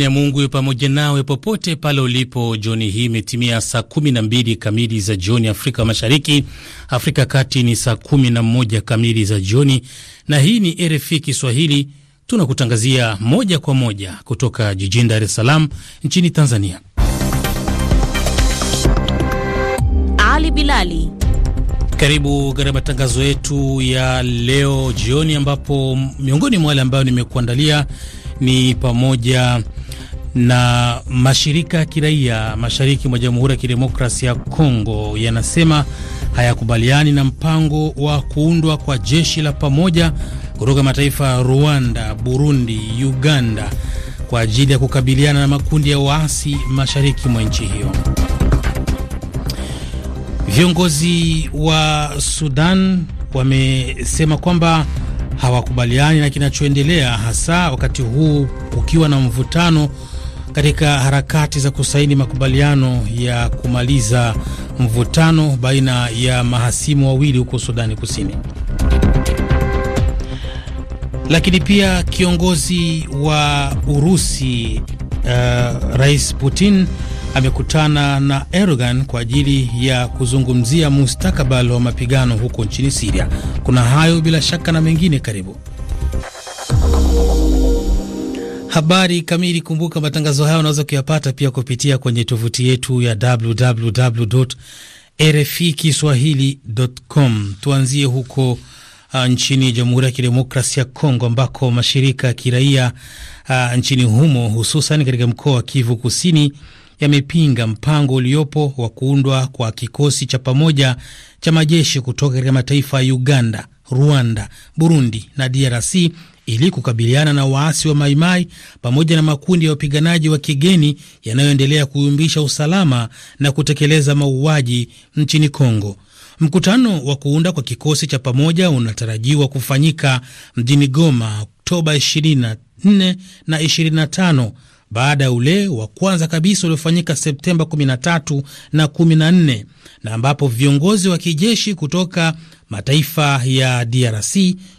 Amani ya Mungu iwe pamoja nawe popote pale ulipo. Jioni hii imetimia saa kumi na mbili kamili za jioni Afrika Mashariki, Afrika Kati ni saa kumi na moja kamili za jioni, na hii ni RFI Kiswahili. Tunakutangazia moja kwa moja kutoka jijini Dar es Salaam nchini Tanzania. Ali Bilali, karibu katika matangazo yetu ya leo jioni, ambapo miongoni mwa wale ambayo nimekuandalia ni pamoja na mashirika ya kiraia mashariki mwa Jamhuri ya Kidemokrasia ya Kongo yanasema hayakubaliani na mpango wa kuundwa kwa jeshi la pamoja kutoka mataifa ya Rwanda, Burundi, Uganda kwa ajili ya kukabiliana na makundi ya waasi mashariki mwa nchi hiyo. Viongozi wa Sudan wamesema kwamba hawakubaliani na kinachoendelea, hasa wakati huu ukiwa na mvutano katika harakati za kusaini makubaliano ya kumaliza mvutano baina ya mahasimu wawili huko Sudani Kusini. Lakini pia kiongozi wa Urusi uh, Rais Putin amekutana na Erdogan kwa ajili ya kuzungumzia mustakabali wa mapigano huko nchini Siria. Kuna hayo bila shaka na mengine, karibu Habari kamili. Kumbuka matangazo haya unaweza kuyapata pia kupitia kwenye tovuti yetu ya www RFI Kiswahili.com. Tuanzie huko uh, nchini Jamhuri ya Kidemokrasia ya Kongo ambako mashirika ya kiraia uh, nchini humo hususan katika mkoa wa Kivu Kusini yamepinga mpango uliopo wa kuundwa kwa kikosi cha pamoja cha majeshi kutoka katika mataifa ya Uganda, Rwanda, Burundi na DRC ili kukabiliana na waasi wa Maimai pamoja na makundi ya wapiganaji wa kigeni yanayoendelea kuyumbisha usalama na kutekeleza mauaji nchini Kongo. Mkutano wa kuunda kwa kikosi cha pamoja unatarajiwa kufanyika mjini Goma Oktoba 24 na 25 baada ya ule wa kwanza kabisa uliofanyika Septemba 13 na 14 na ambapo viongozi wa kijeshi kutoka mataifa ya DRC,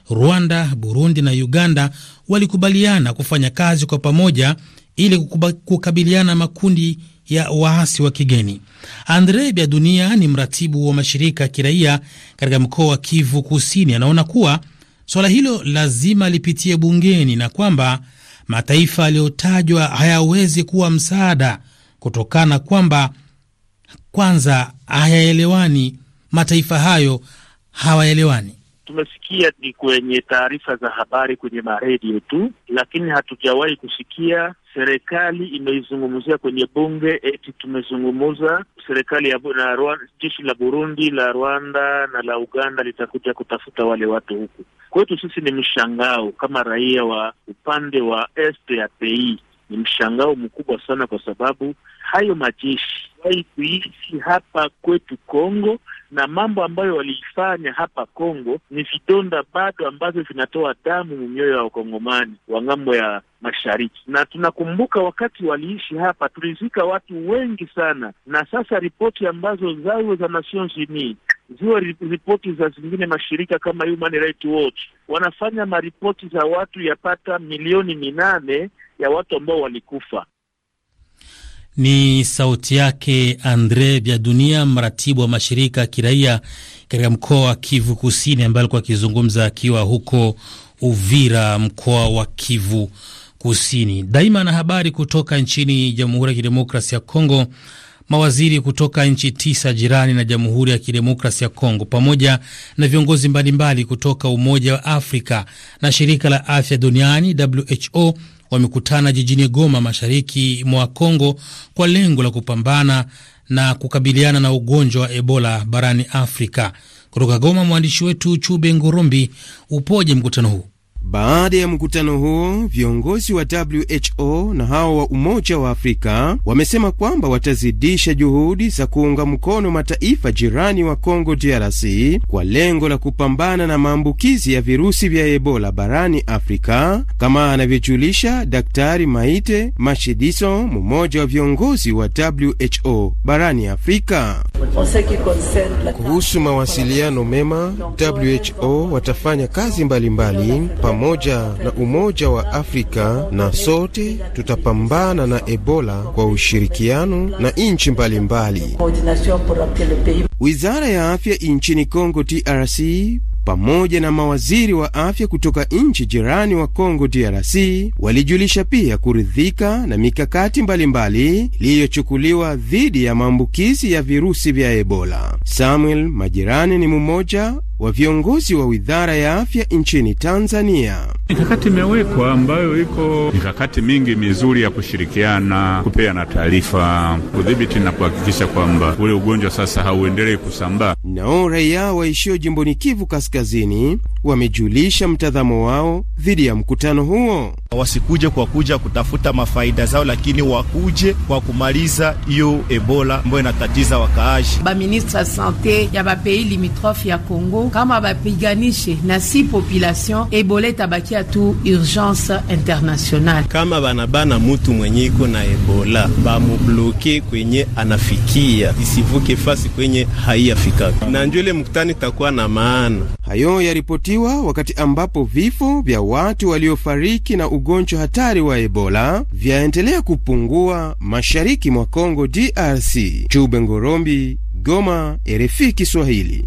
Rwanda, Burundi na Uganda walikubaliana kufanya kazi kwa pamoja ili kukabiliana makundi ya waasi wa kigeni. Andre bia Dunia ni mratibu wa mashirika ya kiraia katika mkoa wa Kivu Kusini, anaona kuwa swala hilo lazima lipitie bungeni na kwamba mataifa yaliyotajwa hayawezi kuwa msaada kutokana kwamba kwanza hayaelewani, mataifa hayo hawaelewani tumesikia ni kwenye taarifa za habari kwenye maredio tu, lakini hatujawahi kusikia serikali imeizungumzia kwenye bunge eti tumezungumza serikali ya na Rwanda, jeshi la Burundi, la Rwanda na la Uganda litakuja kutafuta wale watu huku kwetu. Sisi ni mshangao kama raia wa upande wa este ya pei, ni mshangao mkubwa sana, kwa sababu hayo majeshi waliwahi kuishi hapa kwetu Kongo, na mambo ambayo waliifanya hapa Kongo ni vidonda bado ambavyo vinatoa damu mioyo ya wakongomani wa ng'ambo ya mashariki. Na tunakumbuka wakati waliishi hapa, tulizika watu wengi sana, na sasa ripoti ambazo zao za Nations Unies ziwe ripoti za zingine mashirika kama Human Rights Watch wanafanya maripoti za watu yapata milioni minane ya watu ambao walikufa ni sauti yake Andre vya dunia mratibu wa mashirika ya kiraia katika mkoa wa Kivu Kusini, ambaye alikuwa akizungumza akiwa huko Uvira, mkoa wa Kivu Kusini. Daima na habari kutoka nchini Jamhuri ya Kidemokrasi ya Kongo. Mawaziri kutoka nchi tisa jirani na Jamhuri ya Kidemokrasi ya Kongo pamoja na viongozi mbalimbali mbali kutoka Umoja wa Afrika na Shirika la Afya Duniani WHO wamekutana jijini Goma, mashariki mwa congo kwa lengo la kupambana na kukabiliana na ugonjwa wa Ebola barani Afrika. Kutoka Goma, mwandishi wetu Chube Ngurumbi. Upoje mkutano huu? Baada ya mkutano huo, viongozi wa WHO na hao wa Umoja wa Afrika wamesema kwamba watazidisha juhudi za kuunga mkono mataifa jirani wa congo DRC kwa lengo la kupambana na maambukizi ya virusi vya Ebola barani Afrika, kama anavyojulisha Daktari Maite Mashidiso, mmoja wa viongozi wa WHO barani Afrika. Kuhusu mawasiliano mema, WHO watafanya kazi mbalimbali mbali, pamoja na Umoja wa Afrika na sote tutapambana na Ebola kwa ushirikiano na nchi mbalimbali. Wizara ya Afya nchini congo trc pamoja na mawaziri wa afya kutoka nchi jirani wa congo DRC walijulisha pia kuridhika na mikakati mbalimbali iliyochukuliwa dhidi ya maambukizi ya virusi vya Ebola. Samuel Majirani ni mmoja wa viongozi wa Wizara ya Afya nchini Tanzania. Mikakati imewekwa ambayo iko mikakati mingi mizuri ya kushirikiana, kupeana taarifa, kudhibiti na kuhakikisha kwamba ule ugonjwa sasa hauendelei kusambaa. Nao raia waishio jimboni Kivu Kaskazini wamejulisha mtazamo wao dhidi ya mkutano huo. Wasikuje kwa kuja kutafuta mafaida zao, lakini wakuje kwa kumaliza hiyo Ebola ambayo inatatiza wakaaji. Baminista sante ya bapeyi limitrofe ya Kongo kama bapiganishe na si population, Ebola itabakia tu urgence internationale. Kama banabana mutu mwenye iko na Ebola bamubloke kwenye anafikia, isivuke fasi kwenye haiyafika, na njo mkutani takuwa na maana. Hayo yaripotiwa wakati ambapo vifo vya watu waliofariki na ugonjwa hatari wa Ebola vyaendelea kupungua mashariki mwa Kongo DRC. Chube Ngorombi, Goma, RFI Kiswahili.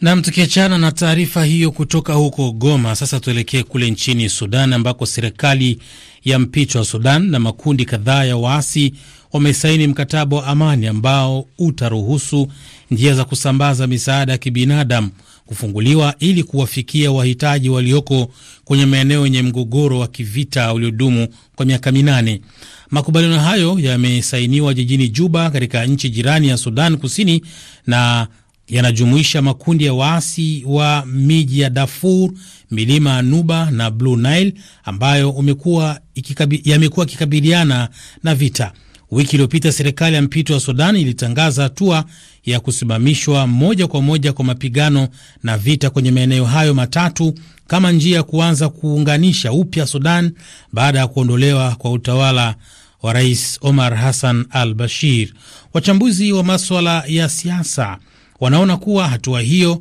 Nam, tukiachana na taarifa hiyo kutoka huko Goma, sasa tuelekee kule nchini Sudan ambako serikali ya mpito wa Sudan na makundi kadhaa ya waasi wamesaini mkataba wa amani ambao utaruhusu njia za kusambaza misaada ya kibinadamu kufunguliwa ili kuwafikia wahitaji walioko kwenye maeneo yenye mgogoro wa kivita uliodumu kwa miaka minane. Makubaliano hayo yamesainiwa jijini Juba katika nchi jirani ya Sudan Kusini na yanajumuisha makundi ya waasi wa miji ya Darfur, milima ya Nuba na Blue Nile ambayo yamekuwa ikikabiliana na vita. Wiki iliyopita serikali ya mpito wa Sudan ilitangaza hatua ya kusimamishwa moja kwa moja kwa mapigano na vita kwenye maeneo hayo matatu kama njia ya kuanza kuunganisha upya Sudan baada ya kuondolewa kwa utawala wa Rais Omar Hassan al Bashir. Wachambuzi wa maswala ya siasa wanaona kuwa hatua hiyo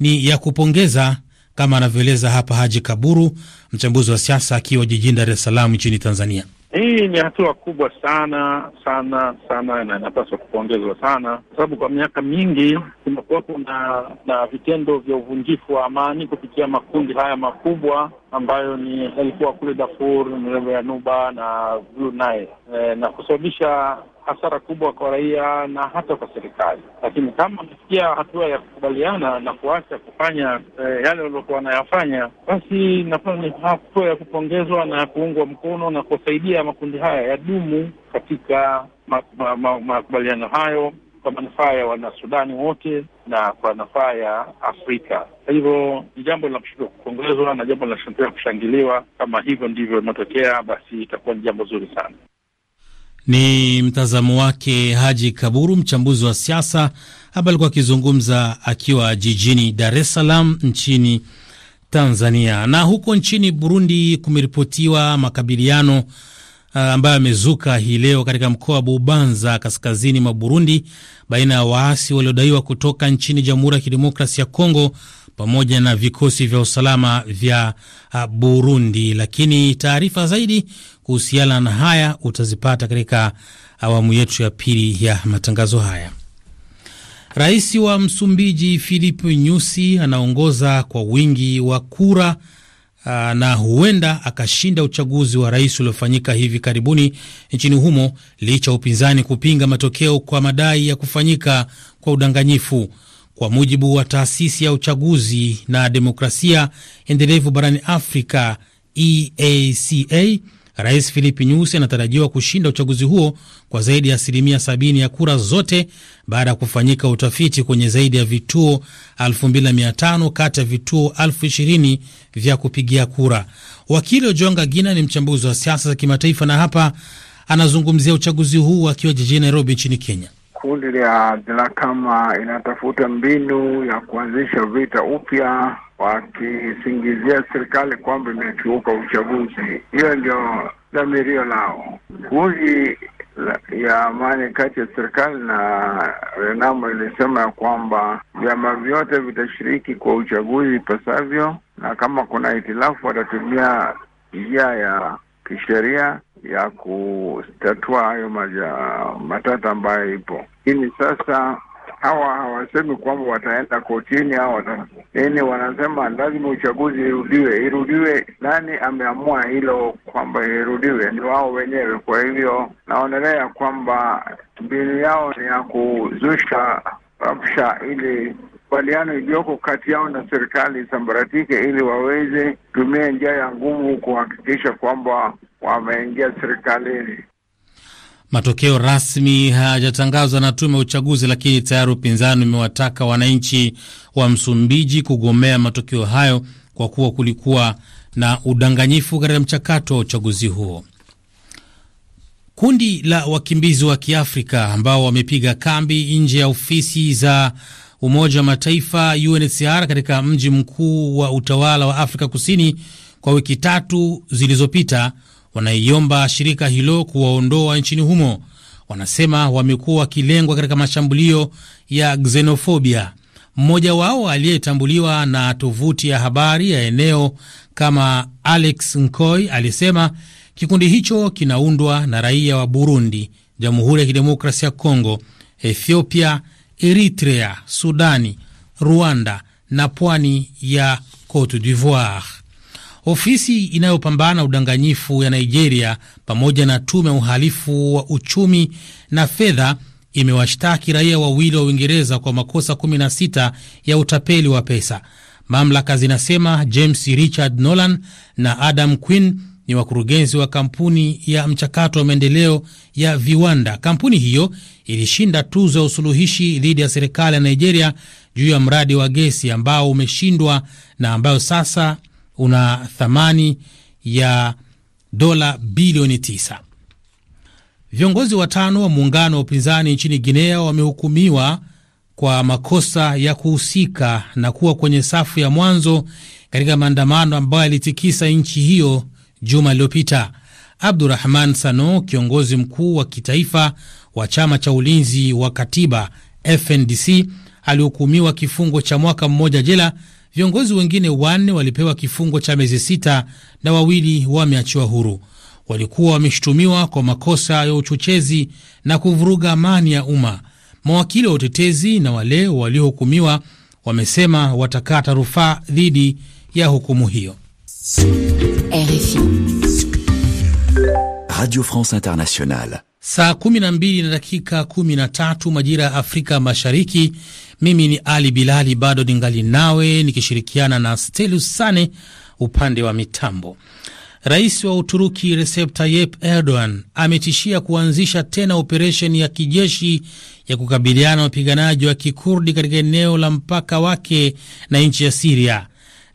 ni ya kupongeza, kama anavyoeleza hapa Haji Kaburu, mchambuzi wa siasa akiwa jijini Dar es Salaam nchini Tanzania. Hii ni hatua kubwa sana sana sana na inapaswa kupongezwa sana, kwa sababu kwa miaka mingi kumekuwepo na na vitendo vya uvunjifu wa amani kupitia makundi haya makubwa ambayo ni yalikuwa kule Darfur, Nuba na Blue Nile e, eh, na kusababisha hasara kubwa kwa raia na hata kwa serikali. Lakini kama amefikia hatua ya kukubaliana na kuacha kufanya eh, yale waliokuwa wanayafanya, basi inakuwa ni hatua ya kupongezwa na ya kuungwa mkono na kuwasaidia makundi haya yadumu katika makubaliano hayo kwa manufaa ya Wanasudani wote na kwa manufaa ya Afrika. Kwa hivyo ni jambo linashindwa kupongezwa na jambo linashindwa kushangiliwa. Kama hivyo ndivyo imetokea, basi itakuwa ni jambo zuri sana. Ni mtazamo wake Haji Kaburu, mchambuzi wa siasa, ambaye alikuwa akizungumza akiwa jijini Dar es Salaam nchini Tanzania. Na huko nchini Burundi kumeripotiwa makabiliano uh, ambayo yamezuka hii leo katika mkoa wa Bubanza kaskazini mwa Burundi baina ya waasi waliodaiwa kutoka nchini Jamhuri ya Kidemokrasi ya Kongo pamoja na vikosi vya usalama vya uh, Burundi. Lakini taarifa zaidi kuhusiana na haya utazipata katika awamu yetu ya pili ya matangazo haya. Rais wa Msumbiji Filipe Nyusi anaongoza kwa wingi wa kura uh, na huenda akashinda uchaguzi wa rais uliofanyika hivi karibuni nchini humo licha ya upinzani kupinga matokeo kwa madai ya kufanyika kwa udanganyifu kwa mujibu wa taasisi ya uchaguzi na demokrasia endelevu barani Afrika EACA. Rais Filipi Nyusi anatarajiwa kushinda uchaguzi huo kwa zaidi ya asilimia 70 ya kura zote baada ya kufanyika utafiti kwenye zaidi ya vituo 2500 kati ya vituo 20 vya kupigia kura. Wakili Ojonga Gina ni mchambuzi wa siasa za kimataifa na hapa anazungumzia uchaguzi huu akiwa jijini Nairobi nchini Kenya kundi la Dhlakama inatafuta mbinu ya kuanzisha vita upya wakisingizia serikali kwamba imekiuka uchaguzi. Hiyo ndio dhamirio lao. Kundi ya amani kati ya serikali na Renamo ilisema ya kwamba vyama vyote vitashiriki kwa uchaguzi ipasavyo, na kama kuna hitilafu watatumia njia ya kisheria ya kutatua hayo matata ambayo ipo. Lakini sasa hawa hawasemi kwamba wataenda kotini au ini yaani wanasema lazima uchaguzi irudiwe. Irudiwe, nani ameamua hilo kwamba irudiwe? Ni wao wenyewe. Kwa hivyo naonelea kwamba mbinu yao ni ya kuzusha rabsha ili makubaliano iliyoko kati yao na serikali isambaratike, ili waweze tumia njia ya nguvu kuhakikisha kwamba wameingia serikalini. Matokeo rasmi hayajatangazwa na tume ya uchaguzi, lakini tayari upinzani umewataka wananchi wa Msumbiji kugomea matokeo hayo kwa kuwa kulikuwa na udanganyifu katika mchakato wa uchaguzi huo. Kundi la wakimbizi wa Kiafrika ambao wamepiga kambi nje ya ofisi za Umoja wa Mataifa UNHCR katika mji mkuu wa utawala wa Afrika Kusini kwa wiki tatu zilizopita, wanaiomba shirika hilo kuwaondoa nchini humo. Wanasema wamekuwa wakilengwa katika mashambulio ya xenofobia. Mmoja wao aliyetambuliwa na tovuti ya habari ya eneo kama Alex Nkoy alisema kikundi hicho kinaundwa na raia wa Burundi, Jamhuri ya Kidemokrasia ya Kongo, Ethiopia, Eritrea, Sudani, Rwanda na pwani ya Cote d'Ivoire. Ofisi inayopambana udanganyifu ya Nigeria pamoja na tume ya uhalifu wa uchumi na fedha imewashtaki raia wawili wa Uingereza kwa makosa 16 ya utapeli wa pesa. Mamlaka zinasema James Richard Nolan na Adam Quinn ni wakurugenzi wa kampuni ya mchakato wa maendeleo ya viwanda. Kampuni hiyo ilishinda tuzo ya usuluhishi dhidi ya serikali ya Nigeria juu ya mradi wa gesi ambao umeshindwa na ambayo sasa una thamani ya dola bilioni 9. Viongozi watano wa muungano wa upinzani nchini Guinea wamehukumiwa kwa makosa ya kuhusika na kuwa kwenye safu ya mwanzo katika maandamano ambayo yalitikisa nchi hiyo juma lililopita. Abdurahman Sano, kiongozi mkuu wa kitaifa wa chama cha ulinzi wa katiba FNDC, alihukumiwa kifungo cha mwaka mmoja jela. Viongozi wengine wanne walipewa kifungo cha miezi sita na wawili wameachiwa huru. Walikuwa wameshutumiwa kwa makosa ya uchochezi na kuvuruga amani ya umma. Mawakili wa utetezi na wale waliohukumiwa wamesema watakata rufaa dhidi ya hukumu hiyo. RFI Radio France Internationale. Saa 12 na dakika 13 majira ya Afrika Mashariki. Mimi ni Ali Bilali, bado ningali nawe nikishirikiana na Stelius Sane upande wa mitambo. Rais wa Uturuki Recep Tayyip Erdogan ametishia kuanzisha tena operesheni ya kijeshi ya kukabiliana na wapiganaji wa Kikurdi katika eneo la mpaka wake na nchi ya Siria.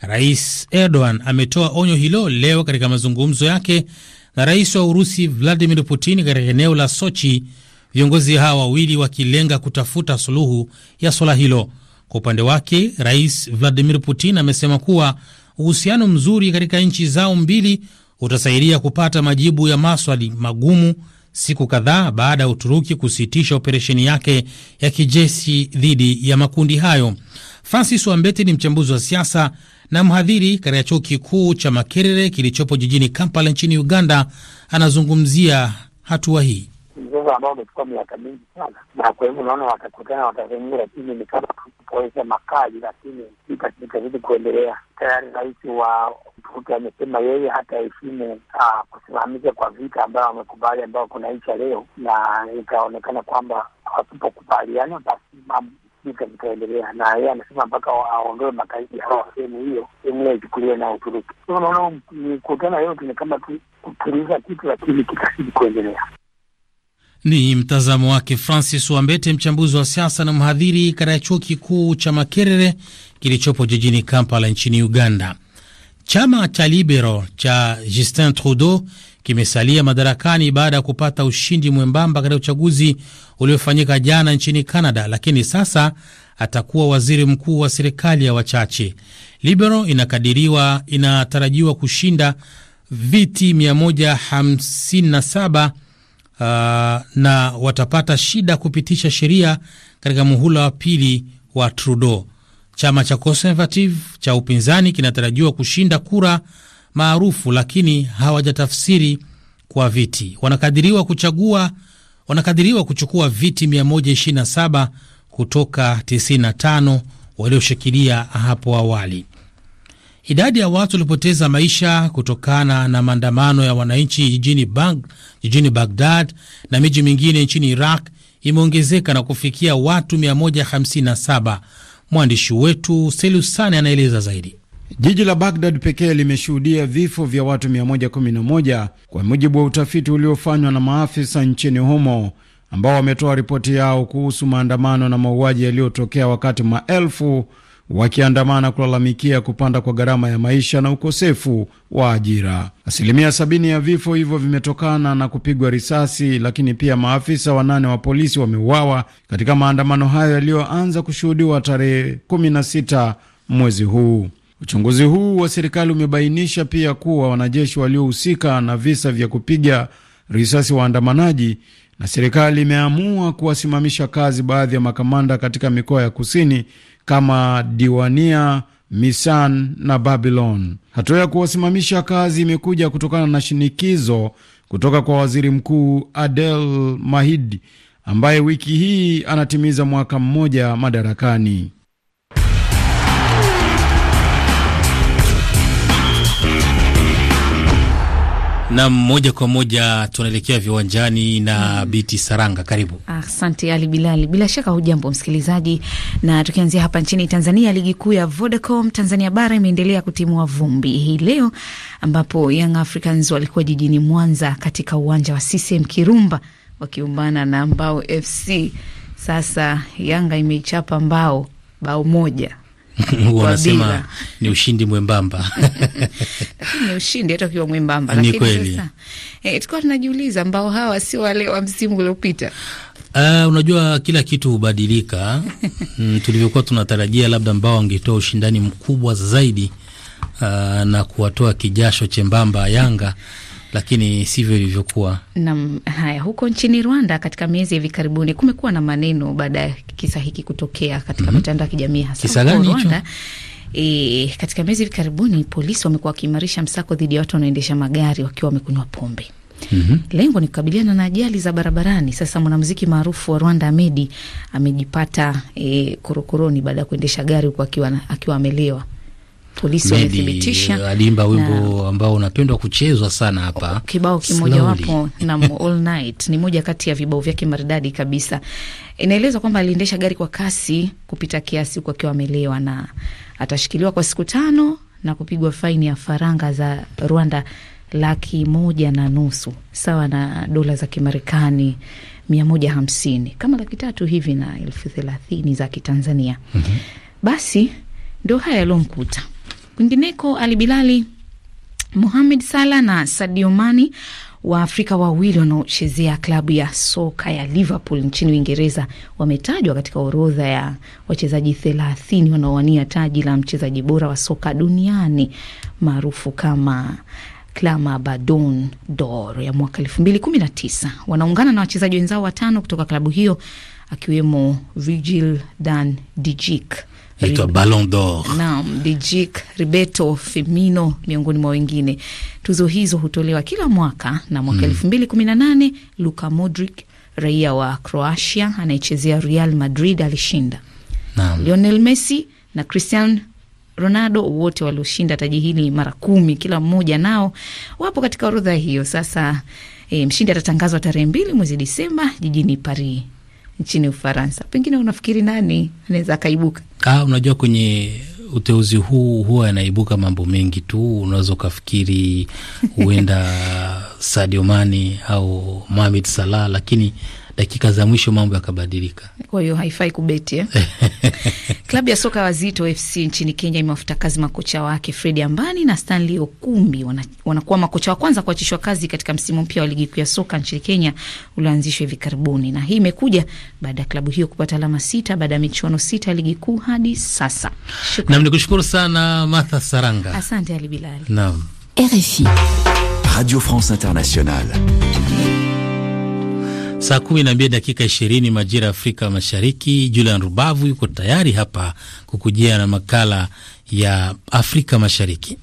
Rais Erdogan ametoa onyo hilo leo katika mazungumzo yake na rais wa Urusi Vladimir Putin katika eneo la Sochi, viongozi hawa wawili wakilenga kutafuta suluhu ya swala hilo. Kwa upande wake, Rais Vladimir Putin amesema kuwa uhusiano mzuri katika nchi zao mbili utasaidia kupata majibu ya maswali magumu, siku kadhaa baada ya Uturuki kusitisha operesheni yake ya kijeshi dhidi ya makundi hayo. Francis Wambeti ni mchambuzi wa siasa na mhadhiri katika chuo kikuu cha Makerere kilichopo jijini Kampala nchini Uganda, anazungumzia hatua hii. Mzozo ambao umechukua miaka mingi sana, na kwa hivyo unaona watakutana, watazungumza, lakini ni kama kuweza makali, lakini itazidi kuendelea. Tayari rais wa Uturuki amesema yeye hata hataheshimu ah, kusimamisha kwa vita ambayo wamekubali, ambayo kunaisha leo, na ikaonekana kwamba hatupokubaliana basi vita vitaendelea, na yeye anasema mpaka aondoe makaidi hao sehemu hiyo, sehemu hiyo ichukuliwe na Uturuki. Unaona, mikutano yote ni kama tu kutuliza kitu, lakini kitazidi kuendelea. Ni mtazamo wake Francis Wambete, mchambuzi wa siasa na mhadhiri katika chuo kikuu cha Makerere kilichopo jijini Kampala nchini Uganda. Chama cha Libero cha Justin Trudeau kimesalia madarakani baada ya kupata ushindi mwembamba katika uchaguzi uliofanyika jana nchini Canada, lakini sasa atakuwa waziri mkuu wa serikali ya wachache. Libero inakadiriwa inatarajiwa kushinda viti 157 uh, na watapata shida kupitisha sheria katika muhula wa pili wa Trudeau. Chama cha Conservative cha upinzani kinatarajiwa kushinda kura maarufu, lakini hawajatafsiri kwa viti. Wanakadiriwa kuchagua wanakadiriwa kuchukua viti 127 kutoka 95 walioshikilia hapo awali. Idadi ya watu waliopoteza maisha kutokana na maandamano ya wananchi jijini, Bang, jijini Baghdad na miji mingine nchini Iraq imeongezeka na kufikia watu 157 Mwandishi wetu Selusani anaeleza zaidi. Jiji la Bagdad pekee limeshuhudia vifo vya watu 111 kwa mujibu wa utafiti uliofanywa na maafisa nchini humo ambao wametoa ripoti yao kuhusu maandamano na mauaji yaliyotokea wakati maelfu wakiandamana kulalamikia kupanda kwa gharama ya maisha na ukosefu wa ajira. Asilimia sabini ya vifo hivyo vimetokana na kupigwa risasi, lakini pia maafisa wanane wa polisi wameuawa katika maandamano hayo yaliyoanza kushuhudiwa tarehe kumi na sita mwezi huu. Uchunguzi huu wa serikali umebainisha pia kuwa wanajeshi waliohusika na visa vya kupiga risasi waandamanaji na serikali imeamua kuwasimamisha kazi baadhi ya makamanda katika mikoa ya kusini kama Diwania, Misan na Babylon. Hatua ya kuwasimamisha kazi imekuja kutokana na shinikizo kutoka kwa waziri mkuu Adel Mahdi ambaye wiki hii anatimiza mwaka mmoja madarakani. Na moja kwa moja tunaelekea viwanjani na mm. Biti Saranga, karibu. Asante Ali Bilali, bila shaka hujambo msikilizaji, na tukianzia hapa nchini Tanzania, ligi kuu ya Vodacom Tanzania bara imeendelea kutimua vumbi hii leo, ambapo Young Africans walikuwa jijini Mwanza katika uwanja wa CCM Kirumba wakiumbana na Mbao FC. Sasa Yanga imeichapa Mbao bao moja wanasema ni ushindi mwembamba lakini ni ushindi hata ukiwa mwembamba. Lakini sasa eh, tunajiuliza mbao hawa sio wale wa msimu uliopita. Uh, unajua kila kitu hubadilika mm, tulivyokuwa tunatarajia labda mbao wangetoa ushindani mkubwa zaidi uh, na kuwatoa kijasho chembamba Yanga lakini sivyo ilivyokuwa. Nam haya, huko nchini Rwanda katika miezi ya hivi karibuni kumekuwa na maneno baada ya kisa hiki kutokea katika mhm. mitandao mm -hmm. ya kijamii hasa Rwanda. E, katika miezi hivi karibuni polisi wamekuwa wakiimarisha msako dhidi ya watu wanaoendesha magari wakiwa wamekunywa pombe. Mm -hmm. Lengo ni kukabiliana na ajali za barabarani. Sasa mwanamuziki maarufu wa Rwanda Amedi amejipata e, korokoroni baada ya kuendesha gari huku akiwa, akiwa amelewa. Polisi wamethibitisha. Eh, Aliimba wimbo na ambao unapendwa kuchezwa sana hapa, oh, kibao kimoja wapo na all night ni moja kati ya vibao vyake maridadi kabisa. Inaelezwa kwamba aliendesha gari kwa kasi kupita kiasi huku akiwa amelewa na atashikiliwa kwa siku tano na kupigwa faini ya faranga za Rwanda laki moja na nusu sawa na dola za Kimarekani mia moja hamsini kama laki tatu hivi na elfu thelathini za Kitanzania. mm -hmm. Basi ndio haya yalomkuta. Kwingineko, Ali Bilali, Mohamed Salah na Sadio Mane Waafrika wawili wanaochezea klabu ya soka ya Liverpool nchini Uingereza wametajwa katika orodha ya wachezaji thelathini wanaowania taji la mchezaji bora wa soka duniani maarufu kama Klama Badon d'Or ya mwaka elfu mbili kumi na tisa. Wanaungana na wachezaji wenzao watano kutoka klabu hiyo akiwemo Virgil dan dijik inaitwa Ballon d'Or. Naam, De Roberto Firmino miongoni mwa wengine. Tuzo hizo hutolewa kila mwaka na mwaka 2018 hmm. nane Luka Modric raia wa Croatia anayechezea Real Madrid alishinda. Naam. Lionel Messi na Cristiano Ronaldo wote walioshinda taji hili mara kumi kila mmoja, nao wapo katika orodha hiyo. Sasa e, mshindi atatangazwa tarehe mbili mwezi Disemba jijini Paris, nchini Ufaransa. Pengine unafikiri nani anaweza akaibuka? Ah, unajua kwenye uteuzi huu huwa yanaibuka mambo mengi tu. Unaweza ukafikiri huenda Sadio Mane au Mohamed Salah, lakini dakika za mwisho mambo yakabadilika. Kwa hiyo haifai kubeti eh? Klabu ya soka Wazito FC nchini Kenya imewafuta kazi makocha wake Fredi Ambani na Stanley Okumbi. Wanakuwa Wana, makocha wa kwanza kuachishwa kazi katika msimu mpya wa ligi kuu ya soka nchini Kenya ulioanzishwa hivi karibuni, na hii imekuja baada ya klabu hiyo kupata alama sita baada ya michuano sita ya ligi kuu hadi sasa. Nam ni kushukuru sana Martha Saranga, asante Ali Bilali. Nam RFI Radio France Internationale. Saa kumi na mbili dakika ishirini majira ya Afrika Mashariki. Julian Rubavu yuko tayari hapa kukujia na makala ya Afrika Mashariki.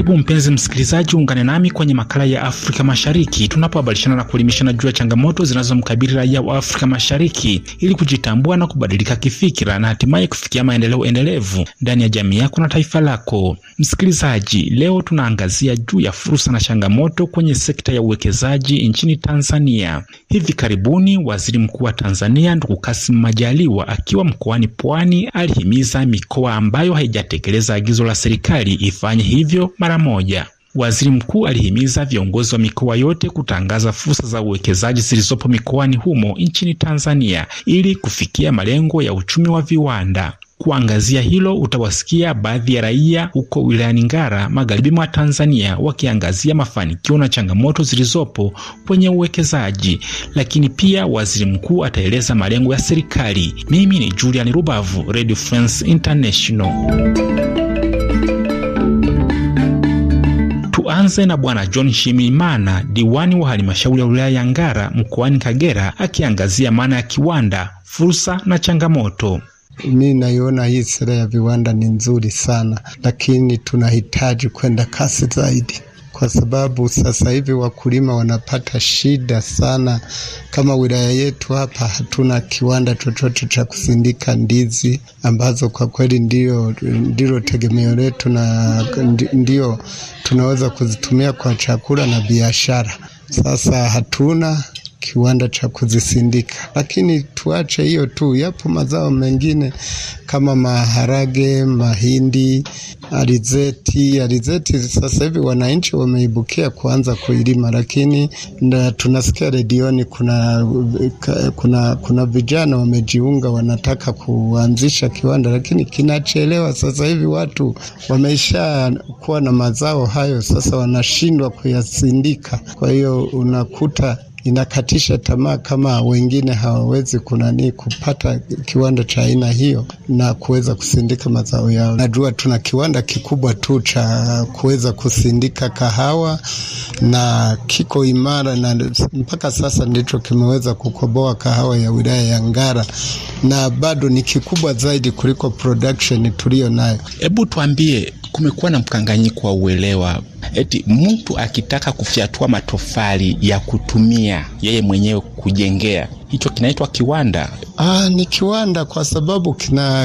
Karibu mpenzi msikilizaji, uungane nami kwenye makala ya Afrika Mashariki tunapobadilishana na kuelimishana juu ya changamoto zinazomkabili raia wa Afrika Mashariki ili kujitambua na kubadilika kifikira na hatimaye kufikia maendeleo endelevu ndani ya jamii yako na taifa lako. Msikilizaji, leo tunaangazia juu ya fursa na changamoto kwenye sekta ya uwekezaji nchini Tanzania. Hivi karibuni Waziri Mkuu wa Tanzania Ndugu kasim Majaliwa akiwa mkoani Pwani alihimiza mikoa ambayo haijatekeleza agizo la serikali ifanye hivyo mara mara moja. Waziri mkuu alihimiza viongozi wa mikoa yote kutangaza fursa za uwekezaji zilizopo mikoani humo nchini Tanzania ili kufikia malengo ya uchumi wa viwanda. Kuangazia hilo utawasikia baadhi ya raia huko wilayani Ngara, magharibi mwa Tanzania, wakiangazia mafanikio na changamoto zilizopo kwenye uwekezaji, lakini pia waziri mkuu ataeleza malengo ya serikali. Mimi ni Julian Rubavu, Radio France International. anze na Bwana John Shimimana, diwani wa halmashauri ya wilaya ya Ngara mkoani Kagera, akiangazia maana ya kiwanda, fursa na changamoto. Mi naiona hii sera ya viwanda ni nzuri sana, lakini tunahitaji kwenda kasi zaidi kwa sababu sasa hivi wakulima wanapata shida sana. Kama wilaya yetu hapa, hatuna kiwanda chochote cha kusindika ndizi ambazo kwa kweli ndio ndilo tegemeo letu na ndio tunaweza kuzitumia kwa chakula na biashara. Sasa hatuna kiwanda cha kuzisindika. Lakini tuache hiyo tu, yapo mazao mengine kama maharage, mahindi, alizeti. Alizeti sasa hivi wananchi wameibukia kuanza kuilima, lakini na tunasikia redioni kuna kuna kuna vijana wamejiunga, wanataka kuanzisha kiwanda, lakini kinachelewa. Sasa hivi watu wameisha kuwa na mazao hayo, sasa wanashindwa kuyasindika, kwa hiyo unakuta inakatisha tamaa kama wengine hawawezi kunani kupata kiwanda cha aina hiyo na kuweza kusindika mazao yao. Najua tuna kiwanda kikubwa tu cha kuweza kusindika kahawa na kiko imara, na mpaka sasa ndicho kimeweza kukoboa kahawa ya wilaya ya Ngara, na bado ni kikubwa zaidi kuliko production tuliyo nayo. Hebu tuambie kumekuwa na mkanganyiko wa uelewa. Eti mtu akitaka kufyatua matofali ya kutumia yeye mwenyewe kujengea hicho kinaitwa kiwanda? Ah, ni kiwanda kwa sababu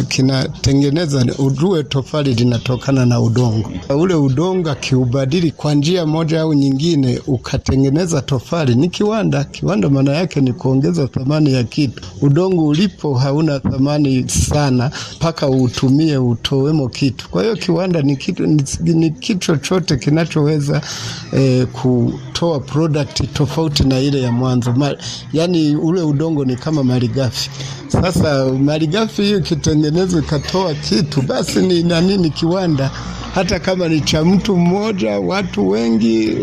kinatengeneza kina udue tofali linatokana na udongo ule udongo akiubadili kwa njia moja au nyingine ukatengeneza tofali, ni kiwanda. Kiwanda maana yake ni kuongeza thamani ya kitu. Udongo ulipo hauna thamani sana mpaka utumie utowemo kitu. Kwa hiyo kiwanda ni kitu, ni, ni kitu chochote kinachoweza eh, kutoa product tofauti na ile ya mwanzo, yaani ule udongo ni kama malighafi. Sasa malighafi hiyo ikitengenezwa ikatoa kitu, basi ni nani, ni kiwanda hata kama ni cha mtu mmoja, watu wengi,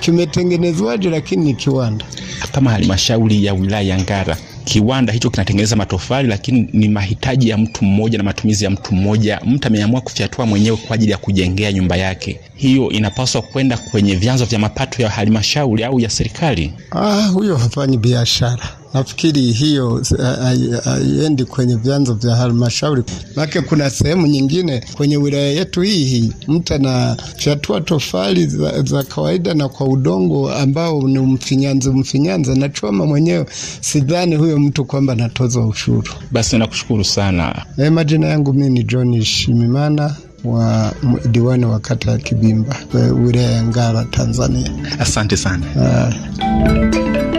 kimetengenezwaje, lakini ni kiwanda. Kama halmashauri ya wilaya ya Ngara, kiwanda hicho kinatengeneza matofali, lakini ni mahitaji ya mtu mmoja na matumizi ya mtu mmoja. Mtu ameamua kufyatua mwenyewe kwa ajili ya kujengea nyumba yake, hiyo inapaswa kwenda kwenye vyanzo vya mapato ya halmashauri au ya serikali. Ah, huyo hafanyi biashara Nafikiri hiyo eh, haiendi kwenye vyanzo vya halmashauri, make kuna sehemu nyingine kwenye wilaya yetu hii hii mtu anafyatua tofali za, za kawaida na kwa udongo ambao ni mfinyanzi na nachoma mwenyewe. Sidhani huyo mtu kwamba natoza ushuru. Basi nakushukuru sana. E, majina yangu mimi ni John Shimimana wa diwani wa kata ya Kibimba eh, wilaya ya Ngara, Tanzania. Asante sana. Aa. Ah.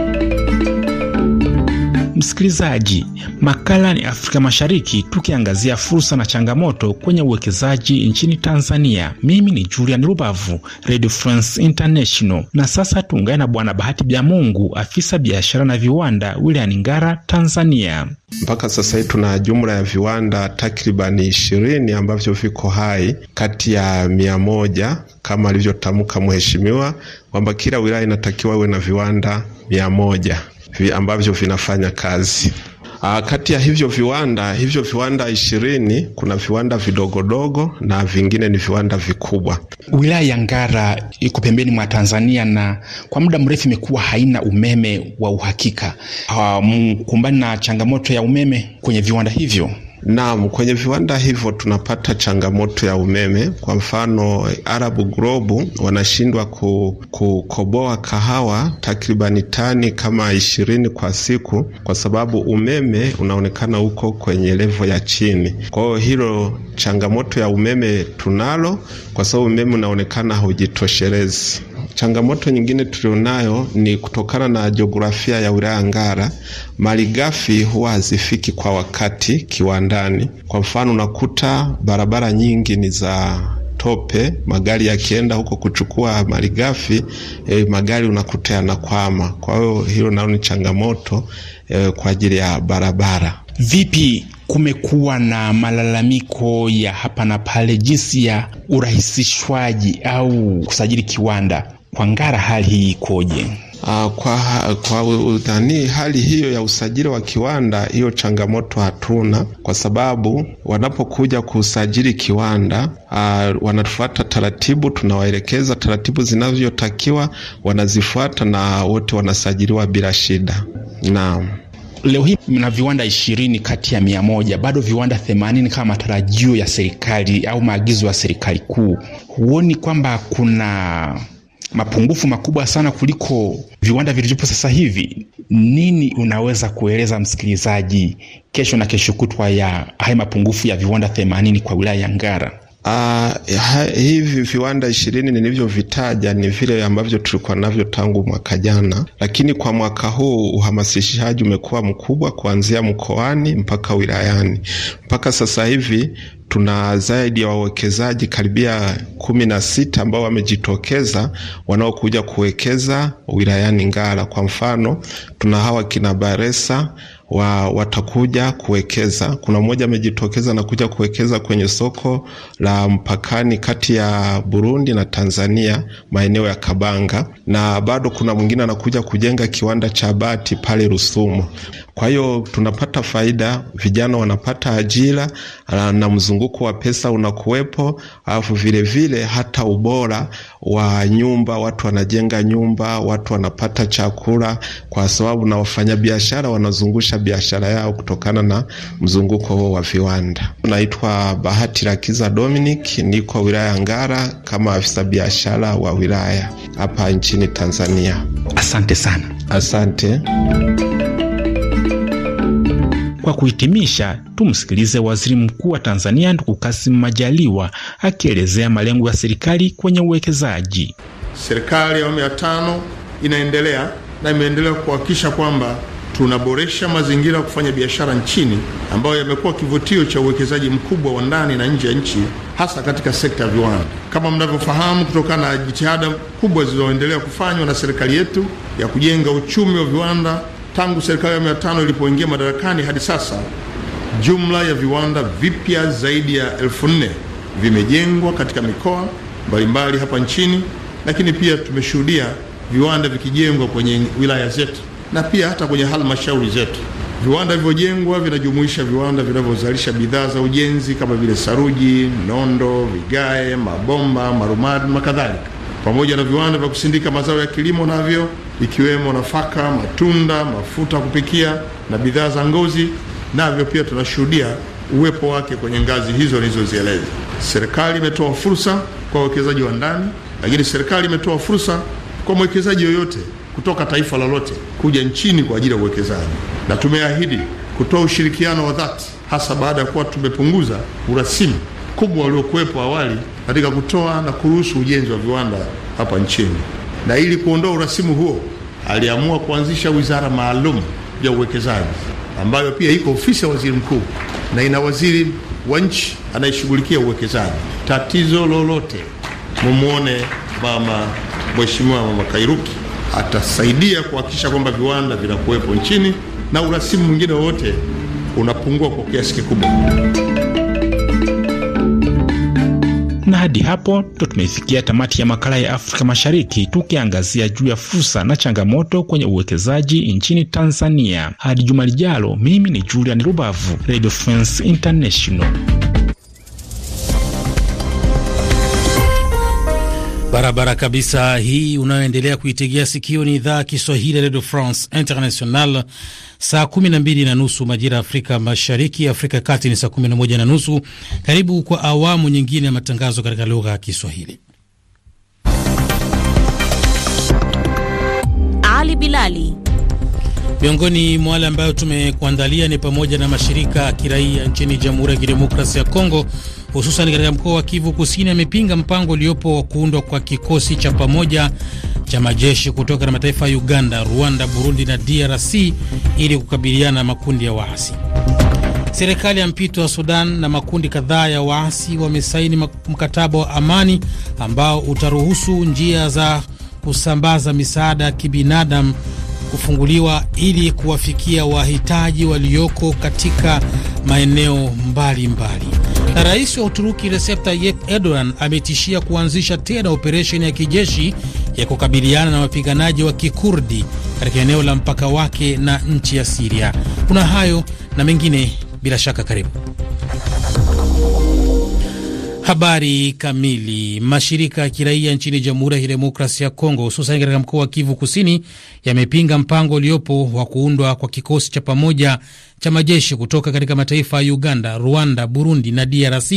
Msikilizaji, makala ni Afrika Mashariki, tukiangazia fursa na changamoto kwenye uwekezaji nchini Tanzania. Mimi ni Julian Rubavu, Radio France International. Na sasa tuungane na Bwana Bahati mungu afisa biashara na viwanda wilayani Ngara, Tanzania. Mpaka sasa hii tuna jumla ya viwanda takribani ishirini ambavyo viko hai kati ya mia moja kama alivyotamka mheshimiwa kwamba kila wilaya inatakiwa iwe na viwanda mia moja vi ambavyo vinafanya kazi Aa, ah, kati ya hivyo viwanda hivyo viwanda ishirini kuna viwanda vidogodogo na vingine ni viwanda vikubwa. Wilaya ya Ngara iko pembeni mwa Tanzania na kwa muda mrefu imekuwa haina umeme wa uhakika. Ah, Mkumbani na changamoto ya umeme kwenye viwanda hivyo. Naam, kwenye viwanda hivyo tunapata changamoto ya umeme. Kwa mfano, Arab Globe wanashindwa kukoboa kahawa takribani tani kama ishirini kwa siku, kwa sababu umeme unaonekana uko kwenye levo ya chini. Kwa hiyo hilo changamoto ya umeme tunalo, kwa sababu umeme unaonekana haujitoshelezi. Changamoto nyingine tulionayo ni kutokana na jiografia ya wilaya Ngara, malighafi huwa hazifiki kwa wakati kiwandani. Kwa mfano, unakuta barabara nyingi ni za tope, magari yakienda huko kuchukua malighafi eh, magari unakuta yanakwama. Kwa hiyo hilo nalo ni changamoto eh, kwa ajili ya barabara. Vipi kumekuwa na malalamiko ya hapa na pale jinsi ya urahisishwaji au kusajili kiwanda. Kwa Ngara, hali hii ikoje? Ah, kwa, kwa udhani hali hiyo ya usajili wa kiwanda, hiyo changamoto hatuna, kwa sababu wanapokuja kusajili kiwanda uh, ah, wanafuata taratibu, tunawaelekeza taratibu zinavyotakiwa, wanazifuata na wote wanasajiliwa bila shida. Naam. Leo hii mna viwanda ishirini kati ya mia moja, bado viwanda themanini kama matarajio ya serikali au maagizo ya serikali kuu. Huoni kwamba kuna mapungufu makubwa sana kuliko viwanda vilivyopo sasa hivi? Nini unaweza kueleza msikilizaji kesho na kesho kutwa ya haya mapungufu ya viwanda themanini kwa wilaya ya Ngara? Uh, hivi viwanda ishirini nilivyovitaja ni vile ambavyo tulikuwa navyo tangu mwaka jana, lakini kwa mwaka huu uhamasishaji umekuwa mkubwa kuanzia mkoani mpaka wilayani. Mpaka sasa hivi tuna zaidi ya wawekezaji karibia kumi na sita ambao wamejitokeza wanaokuja kuwekeza wilayani Ngara. Kwa mfano tuna hawa kina Baresa wa, watakuja kuwekeza. Kuna mmoja amejitokeza na kuja kuwekeza kwenye soko la mpakani kati ya Burundi na Tanzania maeneo ya Kabanga, na bado kuna mwingine anakuja kujenga kiwanda cha bati pale Rusumo. Kwa hiyo tunapata faida, vijana wanapata ajira na mzunguko wa pesa unakuwepo, alafu vilevile hata ubora wa nyumba, watu wanajenga nyumba, watu wanapata chakula, kwa sababu na wafanyabiashara wanazungusha biashara yao kutokana na mzunguko huo wa viwanda. Naitwa Bahati Rakiza Dominic, niko wilaya Ngara kama afisa biashara wa wilaya hapa nchini Tanzania. Asante sana. Asante. Kwa kuhitimisha, tumsikilize Waziri Mkuu wa Tanzania Ndugu Kassim Majaliwa akielezea malengo ya serikali kwenye uwekezaji. Serikali ya awamu ya tano inaendelea na imeendelea kuhakikisha kwamba tunaboresha mazingira ya kufanya biashara nchini ambayo yamekuwa kivutio cha uwekezaji mkubwa wa ndani na nje ya nchi hasa katika sekta ya viwanda. Kama mnavyofahamu, kutokana na jitihada kubwa zilizoendelea kufanywa na serikali yetu ya kujenga uchumi wa viwanda Tangu serikali ya awamu ya tano ilipoingia madarakani hadi sasa, jumla ya viwanda vipya zaidi ya elfu nne vimejengwa katika mikoa mbalimbali hapa nchini, lakini pia tumeshuhudia viwanda vikijengwa kwenye wilaya zetu na pia hata kwenye halmashauri zetu. Viwanda vilivyojengwa vinajumuisha viwanda vinavyozalisha bidhaa za ujenzi kama vile saruji, nondo, vigae, mabomba, marumaru na kadhalika, pamoja na viwanda vya kusindika mazao ya kilimo navyo na ikiwemo nafaka, matunda, mafuta kupikia na bidhaa za ngozi, navyo pia tunashuhudia uwepo wake kwenye ngazi hizo nilizozieleza. Serikali imetoa fursa kwa wawekezaji wa ndani, lakini serikali imetoa fursa kwa mwekezaji yoyote kutoka taifa lolote kuja nchini kwa ajili ya uwekezaji, na tumeahidi kutoa ushirikiano wa dhati, hasa baada ya kuwa tumepunguza urasimu kubwa uliokuwepo awali katika kutoa na kuruhusu ujenzi wa viwanda hapa nchini na ili kuondoa urasimu huo aliamua kuanzisha wizara maalum ya uwekezaji ambayo pia iko ofisi ya waziri mkuu na ina waziri wa nchi anayeshughulikia uwekezaji. Tatizo lolote mumuone mama, mheshimiwa Mama Kairuki atasaidia kuhakikisha kwamba viwanda vinakuwepo nchini na urasimu mwingine wowote unapungua kwa kiasi kikubwa. Na hadi hapo ndo tumeifikia tamati ya makala ya Afrika Mashariki, tukiangazia juu ya fursa na changamoto kwenye uwekezaji nchini Tanzania. Hadi juma lijalo, mimi ni Julian Rubavu, Radio France International. barabara kabisa. Hii unayoendelea kuitegea sikio ni idhaa ya Kiswahili ya redio France International. Saa 12 na nusu majira ya Afrika Mashariki, Afrika ya Kati ni saa 11 na nusu. Karibu kwa awamu nyingine ya matangazo katika lugha ya Kiswahili. Ali Bilali. Miongoni mwa wale ambayo tumekuandalia ni pamoja na mashirika ya kiraia nchini Jamhuri ya Kidemokrasia ya Kongo hususan katika mkoa wa Kivu Kusini, amepinga mpango uliopo wa kuundwa kwa kikosi cha pamoja cha majeshi kutoka na mataifa ya Uganda, Rwanda, Burundi na DRC ili kukabiliana na makundi ya waasi. Serikali ya mpito wa Sudan na makundi kadhaa ya waasi wamesaini mkataba wa amani ambao utaruhusu njia za kusambaza misaada ya kibinadamu kufunguliwa ili kuwafikia wahitaji walioko katika maeneo mbalimbali. Na rais wa Uturuki Recep Tayyip Erdogan ametishia kuanzisha tena operesheni ya kijeshi ya kukabiliana na wapiganaji wa Kikurdi katika eneo la mpaka wake na nchi ya Siria. Kuna hayo na mengine bila shaka, karibu Habari kamili. Mashirika ya kiraia nchini Jamhuri ya Kidemokrasia ya Kongo, hususan katika mkoa wa Kivu Kusini, yamepinga mpango uliopo wa kuundwa kwa kikosi cha pamoja cha majeshi kutoka katika mataifa ya Uganda, Rwanda, Burundi na DRC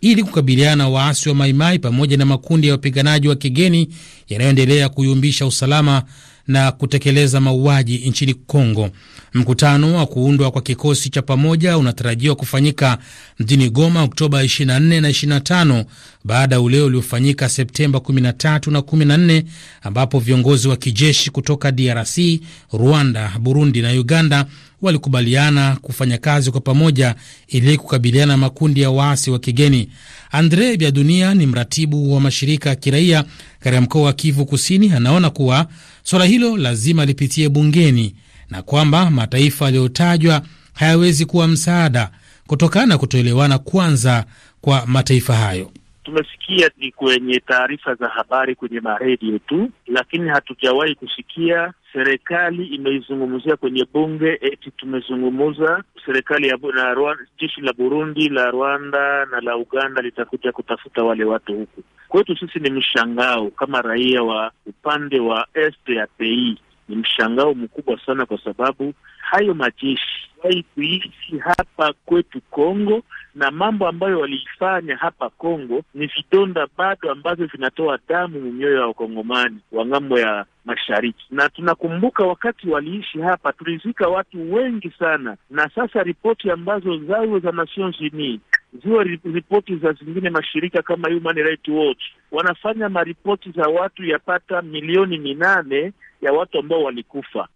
ili kukabiliana na waasi wa Maimai pamoja na makundi ya wapiganaji wa kigeni yanayoendelea kuyumbisha usalama na kutekeleza mauaji nchini Kongo. Mkutano wa kuundwa kwa kikosi cha pamoja unatarajiwa kufanyika mjini Goma Oktoba 24 na 25 baada ya ule uliofanyika Septemba 13 na 14, ambapo viongozi wa kijeshi kutoka DRC, Rwanda, Burundi na Uganda walikubaliana kufanya kazi kwa pamoja ili kukabiliana na makundi ya waasi wa kigeni. Andre Biadunia Dunia ni mratibu wa mashirika ya kiraia katika mkoa wa Kivu Kusini, anaona kuwa swala hilo lazima lipitie bungeni na kwamba mataifa yaliyotajwa hayawezi kuwa msaada kutokana na kutoelewana kwanza kwa mataifa hayo tumesikia ni kwenye taarifa za habari kwenye maredio tu, lakini hatujawahi kusikia serikali imeizungumzia kwenye bunge eti tumezungumza serikali ya na Rwanda, jeshi la Burundi, la Rwanda na la Uganda litakuja kutafuta wale watu huku kwetu. Sisi ni mshangao kama raia wa upande wa est ya pei, ni mshangao mkubwa sana, kwa sababu hayo majeshi hai kuishi hapa kwetu Kongo na mambo ambayo waliifanya hapa Kongo ni vidonda bado ambavyo vinatoa damu mioyo ya wakongomani wa ng'ambo ya mashariki na tunakumbuka wakati waliishi hapa, tulizika watu wengi sana, na sasa ripoti ambazo zawe za Nations Unies ziwe ripoti za zingine mashirika kama Human Rights Watch wanafanya maripoti za watu yapata milioni minane ya watu ambao walikufa.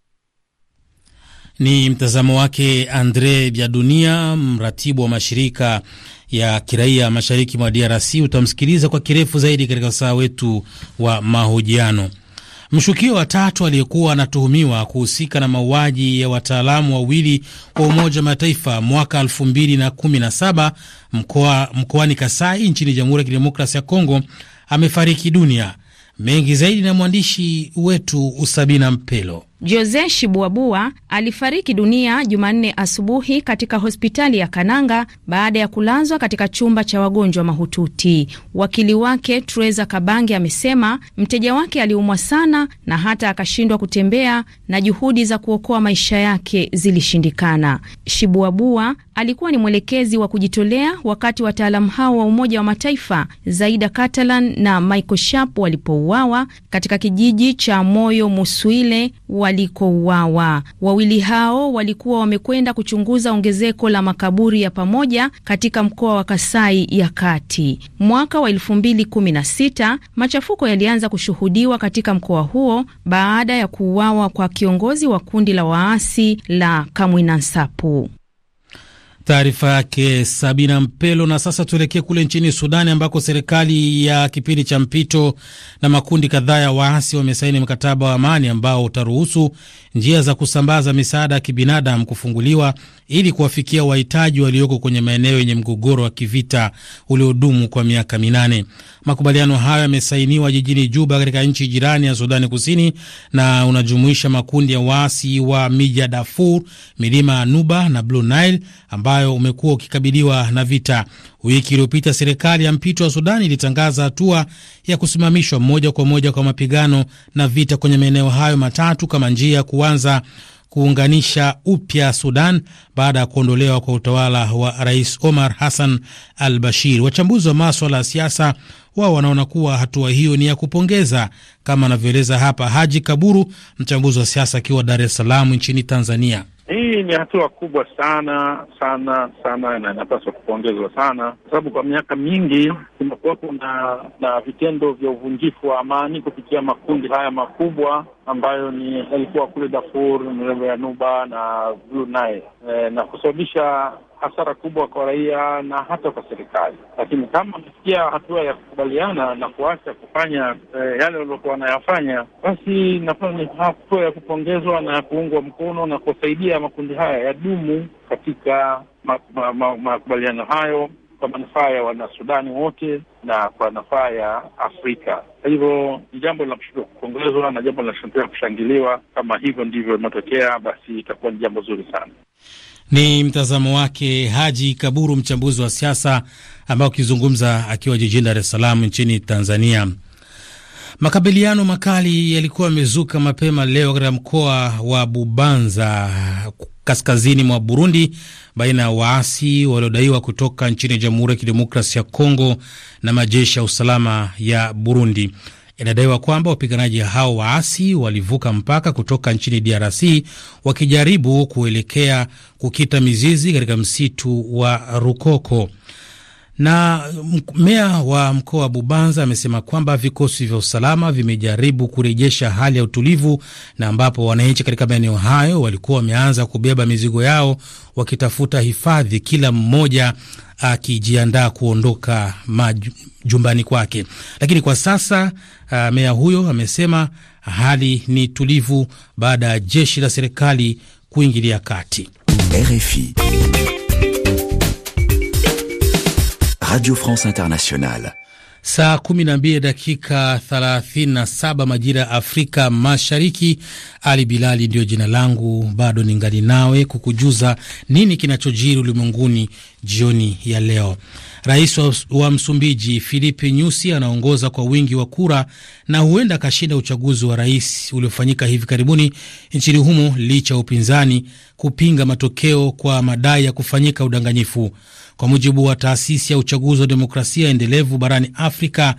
Ni mtazamo wake Andre Biadunia, mratibu wa mashirika ya kiraia mashariki mwa DRC. Utamsikiliza kwa kirefu zaidi katika usaa wetu wa mahojiano. Mshukio wa tatu aliyekuwa anatuhumiwa kuhusika na mauaji ya wataalamu wawili wa Umoja wa Mataifa mwaka 2017 mkoa mkoani Kasai nchini Jamhuri ya Kidemokrasi ya Kongo amefariki dunia. Mengi zaidi na mwandishi wetu Usabina Mpelo. Jose Shibuabua alifariki dunia Jumanne asubuhi katika hospitali ya Kananga baada ya kulazwa katika chumba cha wagonjwa mahututi. Wakili wake Treza Kabange amesema mteja wake aliumwa sana na hata akashindwa kutembea na juhudi za kuokoa maisha yake zilishindikana. Shibuabua alikuwa ni mwelekezi wa kujitolea wakati wataalamu hao wa Umoja wa Mataifa Zaida Catalan na Michael Sharp walipouawa katika kijiji cha Moyo Muswile wa walikouawa. Wawili hao walikuwa wamekwenda kuchunguza ongezeko la makaburi ya pamoja katika mkoa wa Kasai ya Kati. Mwaka wa 2016 machafuko yalianza kushuhudiwa katika mkoa huo baada ya kuuawa kwa kiongozi wa kundi la waasi la Kamwina Nsapu. Taarifa yake Sabina Mpelo. Na sasa tuelekee kule nchini Sudani ambako serikali ya kipindi cha mpito na makundi kadhaa ya waasi wamesaini mkataba wa amani ambao utaruhusu njia za kusambaza misaada ya kibinadamu kufunguliwa ili kuwafikia wahitaji walioko kwenye maeneo yenye mgogoro wa kivita uliodumu kwa miaka minane. Makubaliano hayo yamesainiwa jijini Juba katika nchi jirani ya Sudani Kusini na unajumuisha makundi ya waasi wa Mija Darfur, milima ya Nuba na Blue Nile ambayo umekuwa ukikabiliwa na vita. Wiki iliyopita serikali ya mpito wa Sudani ilitangaza hatua ya kusimamishwa moja kwa moja kwa mapigano na vita kwenye maeneo hayo matatu kama njia ya kuanza kuunganisha upya Sudan baada ya kuondolewa kwa utawala wa Rais Omar Hassan al Bashir. Wachambuzi wa maswala ya siasa wao wanaona kuwa hatua hiyo ni ya kupongeza, kama anavyoeleza hapa Haji Kaburu, mchambuzi wa siasa akiwa Dar es Salaam nchini Tanzania. Hii ni hatua kubwa sana sana sana, na inapaswa kupongezwa sana, kwa sababu kwa miaka mingi kumekuwepo na na vitendo vya uvunjifu wa amani kupitia makundi haya makubwa ambayo ni yalikuwa kule Darfur, Nuba na Blue Nile e, eh, na kusababisha hasara kubwa kwa raia na hata kwa serikali. Lakini kama amefikia hatua ya kukubaliana na kuacha kufanya e, yale waliokuwa wanayafanya, basi inakuwa ni hatua ya kupongezwa na ya kuungwa mkono na kuwasaidia makundi haya ya dumu katika makubaliano ma, ma, ma, hayo kwa manufaa ya Wanasudani wote na kwa nafaa ya Afrika. Kwa hivyo ni jambo la kupongezwa na jambo linashangilia kushangiliwa. Kama hivyo ndivyo imetokea, basi itakuwa ni jambo zuri sana. Ni mtazamo wake Haji Kaburu, mchambuzi wa siasa, ambao akizungumza akiwa jijini Dar es Salaam nchini Tanzania. Makabiliano makali yalikuwa yamezuka mapema leo katika mkoa wa Bubanza kaskazini mwa Burundi baina ya waasi waliodaiwa kutoka nchini Jamhuri ya Kidemokrasia ya Kongo na majeshi ya usalama ya Burundi. Inadaiwa kwamba wapiganaji hao waasi walivuka mpaka kutoka nchini DRC wakijaribu kuelekea kukita mizizi katika msitu wa Rukoko. Na meya wa mkoa wa Bubanza amesema kwamba vikosi vya usalama vimejaribu kurejesha hali ya utulivu, na ambapo wananchi katika maeneo hayo walikuwa wameanza kubeba mizigo yao wakitafuta hifadhi, kila mmoja akijiandaa kuondoka majumbani kwake. Lakini kwa sasa uh, meya huyo amesema hali ni tulivu baada ya jeshi la serikali kuingilia kati. RFI Radio France Internationale saa 12 dakika 37 majira ya Afrika Mashariki. Ali Bilali ndiyo jina langu, bado ningali nawe kukujuza nini kinachojiri ulimwenguni jioni ya leo. Rais wa, wa Msumbiji Filipe Nyusi anaongoza kwa wingi wa kura na huenda akashinda uchaguzi wa rais uliofanyika hivi karibuni nchini humo licha ya upinzani kupinga matokeo kwa madai ya kufanyika udanganyifu. Kwa mujibu wa taasisi ya uchaguzi wa demokrasia endelevu barani Afrika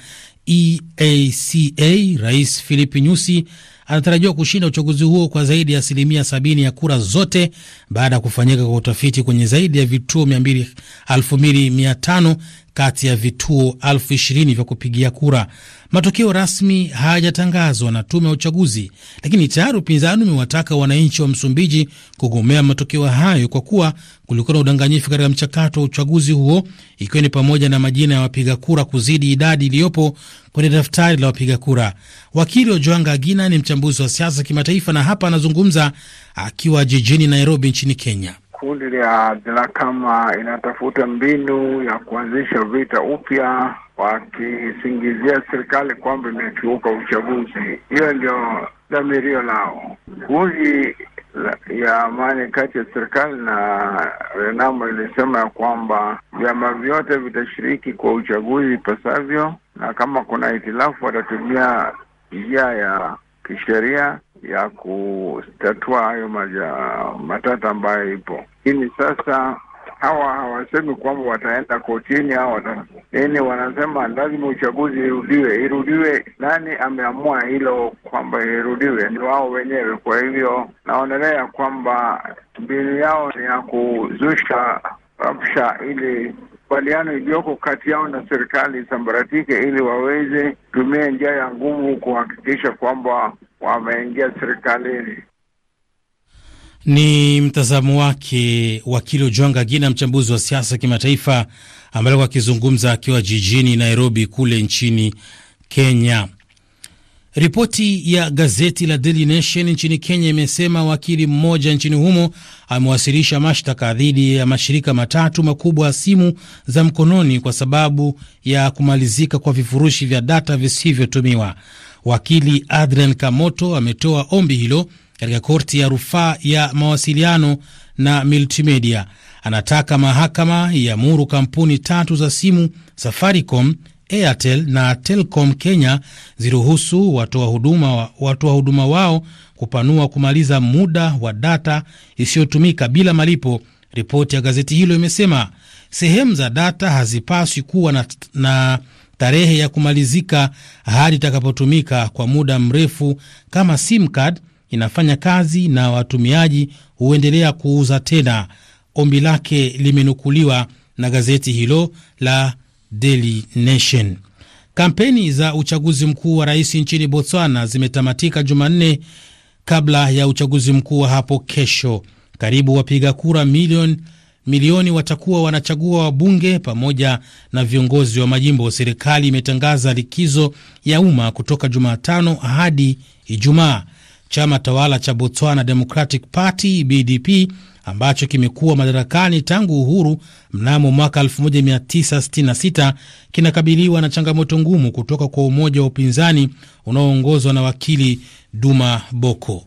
EACA, Rais Filipi Nyusi anatarajiwa kushinda uchaguzi huo kwa zaidi ya asilimia sabini ya kura zote baada ya kufanyika kwa utafiti kwenye zaidi ya vituo elfu mbili mia tano kati ya vituo elfu ishirini vya kupigia kura. Matokeo rasmi hayajatangazwa na tume ya uchaguzi, lakini tayari upinzani umewataka wananchi wa Msumbiji kugomea matokeo hayo kwa kuwa kulikuwa na udanganyifu katika mchakato wa uchaguzi huo, ikiwa ni pamoja na majina ya wapiga kura kuzidi idadi iliyopo kwenye daftari la wapiga kura. Wakili wa Joanga Agina ni mchambuzi wa siasa kimataifa, na hapa anazungumza akiwa jijini Nairobi nchini Kenya kundi la Dhlakama inatafuta mbinu ya kuanzisha vita upya wakisingizia serikali kwamba imekiuka uchaguzi. Hiyo ndio dhamirio lao. Kundi ya amani kati ya serikali na Renamo ilisema ya kwamba vyama vyote vitashiriki kwa uchaguzi ipasavyo, na kama kuna hitilafu watatumia njia ya kisheria ya kutatua hayo matata ambayo ipo. Lakini sasa hawa hawasemi kwamba wataenda kotini au wata yaani wanasema lazima uchaguzi irudiwe. Irudiwe, nani ameamua hilo kwamba irudiwe? Ni wao wenyewe. Kwa hivyo naonelea kwamba mbinu yao ni ya kuzusha rabsha ili kubaliano iliyoko kati yao na serikali isambaratike, ili waweze tumie njia ya nguvu kuhakikisha kwamba wameingia serikalini. Ni mtazamo wake wakili Ojwanga Gina, mchambuzi wa siasa kimataifa, ambaye alikuwa akizungumza akiwa jijini Nairobi kule nchini Kenya. Ripoti ya gazeti la Daily Nation nchini Kenya imesema wakili mmoja nchini humo amewasilisha mashtaka dhidi ya mashirika matatu makubwa ya simu za mkononi kwa sababu ya kumalizika kwa vifurushi vya data visivyotumiwa. Wakili Adrian Kamoto ametoa ombi hilo katika korti ya rufaa ya mawasiliano na multimedia. Anataka mahakama iamuru kampuni tatu za simu Safaricom, Airtel na Telcom Kenya ziruhusu watoa huduma, watoa huduma wao kupanua kumaliza muda wa data isiyotumika bila malipo. Ripoti ya gazeti hilo imesema sehemu za data hazipaswi kuwa na, na tarehe ya kumalizika hadi itakapotumika kwa muda mrefu. Kama sim card inafanya kazi na watumiaji huendelea kuuza tena. Ombi lake limenukuliwa na gazeti hilo la Daily Nation. Kampeni za uchaguzi mkuu wa rais nchini Botswana zimetamatika Jumanne kabla ya uchaguzi mkuu wa hapo kesho. Karibu wapiga kura milioni milioni watakuwa wanachagua wabunge pamoja na viongozi wa majimbo. Serikali imetangaza likizo ya umma kutoka Jumatano hadi Ijumaa. Chama tawala cha Botswana Democratic Party BDP ambacho kimekuwa madarakani tangu uhuru mnamo mwaka 1966 kinakabiliwa na changamoto ngumu kutoka kwa umoja wa upinzani unaoongozwa na wakili Duma Boko.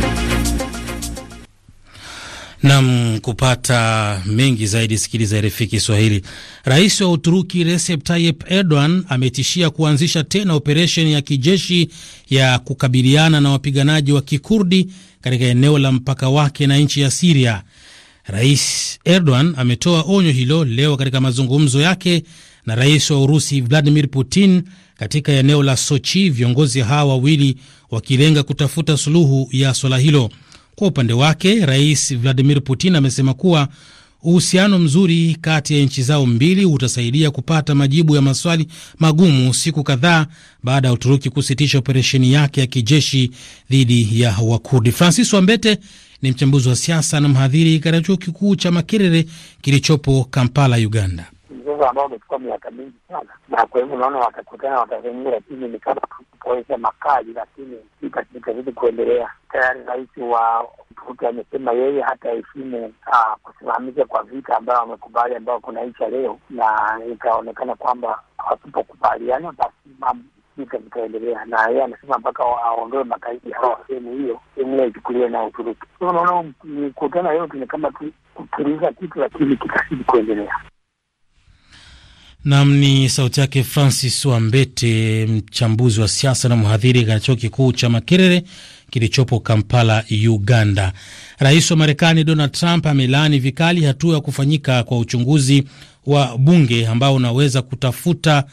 Nam, kupata mengi zaidi sikiliza RFI Kiswahili. Rais wa Uturuki Recep Tayyip Erdogan ametishia kuanzisha tena operesheni ya kijeshi ya kukabiliana na wapiganaji wa Kikurdi katika eneo la mpaka wake na nchi ya Siria. Rais Erdogan ametoa onyo hilo leo katika mazungumzo yake na rais wa Urusi Vladimir Putin katika eneo la Sochi, viongozi hawa wawili wakilenga kutafuta suluhu ya swala hilo. Kwa upande wake, Rais Vladimir Putin amesema kuwa uhusiano mzuri kati ya nchi zao mbili utasaidia kupata majibu ya maswali magumu siku kadhaa baada ya Uturuki kusitisha operesheni yake ya kijeshi dhidi ya Wakurdi. Francis Wambete ni mchambuzi wa siasa na mhadhiri katika chuo kikuu cha Makerere kilichopo Kampala, Uganda mzungu ambao umechukua miaka mingi sana, na kwa hivyo unaona watakutana watazungumza, lakini ni kama kupoesha makali, lakini vita kuendelea. Tayari rais wa Uturuki amesema yeye hata heshimu ah, kusimamisha kwa vita ambayo wamekubali, ambayo kunaisha leo, na ikaonekana kwamba wasipokubaliana basi vita vitaendelea, na yeye amesema mpaka aondoe makaidi hawa sehemu hiyo, sehemu hiyo ichukuliwe na Uturuki. Unaona, mikutano yote ni kama kutuliza kitu, lakini kitazidi kuendelea. Nam ni sauti yake Francis Wambete, mchambuzi wa siasa na mhadhiri katika chuo kikuu cha Makerere kilichopo Kampala, Uganda. Rais wa Marekani Donald Trump amelaani vikali hatua ya kufanyika kwa uchunguzi wa bunge ambao unaweza kutafuta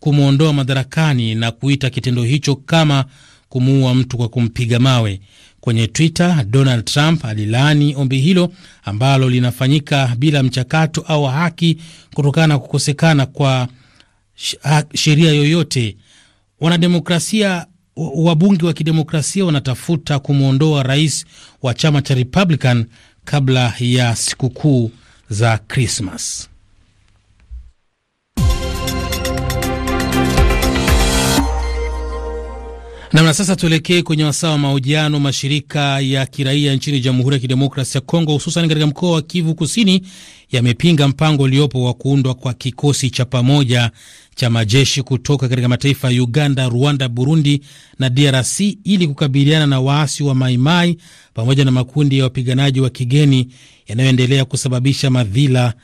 kumwondoa madarakani na kuita kitendo hicho kama kumuua mtu kwa kumpiga mawe. Kwenye Twitter, Donald Trump alilaani ombi hilo ambalo linafanyika bila mchakato au haki kutokana na kukosekana kwa sheria yoyote. Wanademokrasia wabunge wa kidemokrasia wanatafuta kumwondoa rais wa chama cha Republican kabla ya sikukuu za Krismas. Namna sasa, tuelekee kwenye wasaa wa mahojiano. Mashirika ya kiraia nchini Jamhuri ya Kidemokrasi ya Kongo, hususan katika mkoa wa Kivu Kusini, yamepinga mpango uliopo wa kuundwa kwa kikosi cha pamoja cha majeshi kutoka katika mataifa ya Uganda, Rwanda, Burundi na DRC ili kukabiliana na waasi wa Maimai pamoja na makundi ya wapiganaji wa kigeni yanayoendelea kusababisha madhila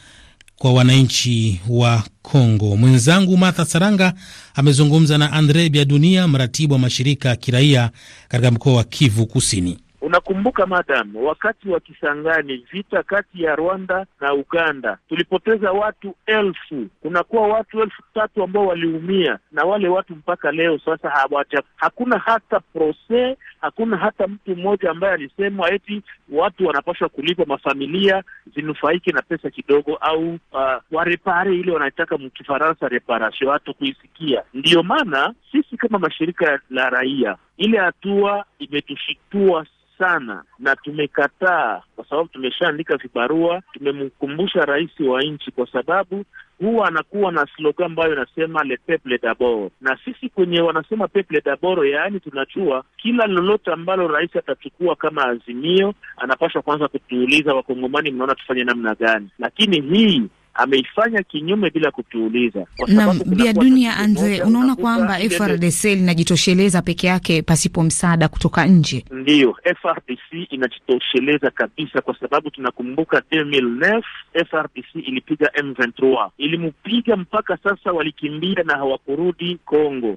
kwa wananchi wa Kongo. Mwenzangu Martha Saranga amezungumza na Andre Biadunia, mratibu wa mashirika ya kiraia katika mkoa wa Kivu Kusini. Unakumbuka madam, wakati wa Kisangani, vita kati ya Rwanda na Uganda, tulipoteza watu elfu. Kunakuwa watu elfu tatu ambao waliumia, na wale watu mpaka leo sasa hawaja, hakuna hata prose hakuna hata mtu mmoja ambaye alisema eti watu wanapaswa kulipa, mafamilia zinufaike na pesa kidogo, au uh, warepare ile wanaitaka mkifaransa reparation, hata kuisikia. Ndiyo maana sisi kama mashirika la raia, ile hatua imetushitua sana, na tumekataa kwa sababu tumeshaandika vibarua, tumemkumbusha rais wa nchi kwa sababu huwa anakuwa na slogan ambayo inasema le peuple d'abord, na sisi kwenye wanasema peuple d'abord, yaani tunajua kila lolote ambalo rais atachukua kama azimio, anapaswa kwanza kutuuliza Wakongomani, mnaona tufanye namna gani? Lakini hii ameifanya kinyume bila kutuuliza. Na Bia Dunia Andre, unaona kwamba FRDC linajitosheleza peke yake pasipo msaada kutoka nje? Ndiyo, FRDC inajitosheleza kabisa, kwa sababu tunakumbuka 2009 FRDC ilipiga M23, ilimupiga mpaka sasa, walikimbia na hawakurudi Kongo.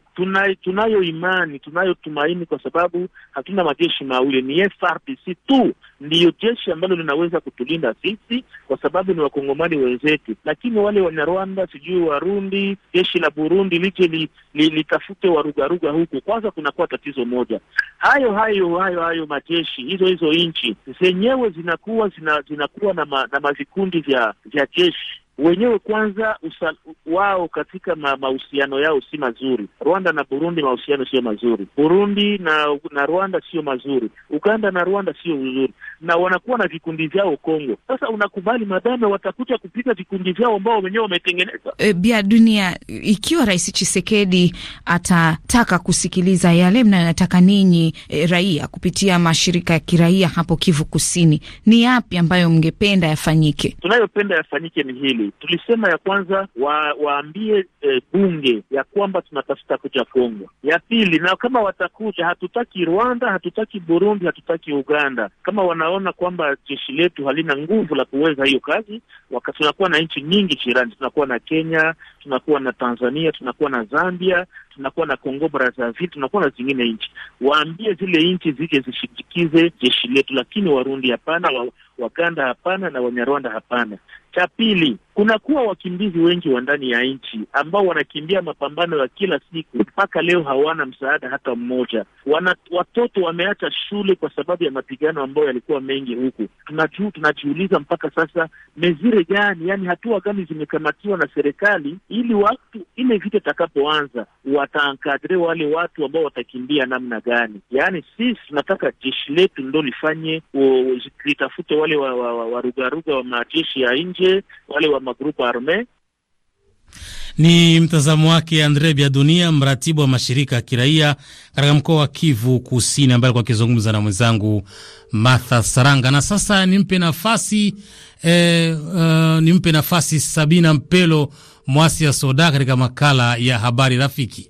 tunayo imani, tunayo tumaini, kwa sababu hatuna majeshi mawili, ni FRDC tu ndiyo jeshi ambalo linaweza kutulinda sisi, kwa sababu ni wakongomani wenzetu yote, lakini wale Wanyarwanda sijui Warundi, jeshi la Burundi lije li, li, litafute warugaruga huku kwanza kunakuwa tatizo moja. Hayo hayo hayo hayo majeshi hizo hizo nchi zenyewe zinakuwa zina, zinakuwa na, ma, na mavikundi vya vya jeshi wenyewe kwanza usa, wao katika ma, mahusiano yao si mazuri. Rwanda na Burundi mahusiano sio mazuri, Burundi na na Rwanda sio mazuri, Uganda na Rwanda sio uzuri, na wanakuwa na vikundi vyao Kongo. Sasa unakubali madame watakuja kupiga vikundi vyao ambao wenyewe wametengeneza. E, bia dunia, ikiwa Rais Chisekedi atataka kusikiliza yale mnayotaka ninyi e, raia kupitia mashirika ya kiraia hapo Kivu Kusini, ni yapi ambayo mngependa yafanyike? Tunayopenda yafanyike ni hili mbili. Tulisema ya kwanza wa, waambie e, bunge ya kwamba tunatafuta kuja Kongo. Ya pili, na kama watakuja, hatutaki Rwanda, hatutaki Burundi, hatutaki Uganda. Kama wanaona kwamba jeshi letu halina nguvu la kuweza hiyo kazi, tunakuwa na nchi nyingi jirani, tunakuwa na Kenya, tunakuwa na Tanzania, tunakuwa na Zambia, tunakuwa na Kongo Brazzaville, tunakuwa na zingine nchi. Waambie zile nchi zije zishidikize jeshi letu, lakini Warundi hapana wa Waganda hapana, na Wanyarwanda hapana. Cha pili, kunakuwa wakimbizi wengi wa ndani ya nchi ambao wanakimbia mapambano ya kila siku mpaka leo hawana msaada hata mmoja. Wana, watoto wameacha shule kwa sababu ya mapigano ambayo yalikuwa mengi huku. Tunaju, tunajiuliza mpaka sasa mezire gani, yani hatua gani zimekamatiwa na serikali ili watu ile vita itakapoanza wataankadre wale watu ambao watakimbia namna gani? Yani sisi tunataka jeshi letu ndo lifanye litafute wale warugaruga wa, wa, wa, wa majeshi ya nje wale wa magrupu arme ni mtazamo wake Andre Bya Dunia, mratibu wa mashirika ya kiraia katika mkoa wa Kivu Kusini, ambaye alikuwa akizungumza na mwenzangu Martha Saranga. Na sasa nimpe nafasi e, e, nimpe nafasi Sabina Mpelo mwasi ya soda katika makala ya habari rafiki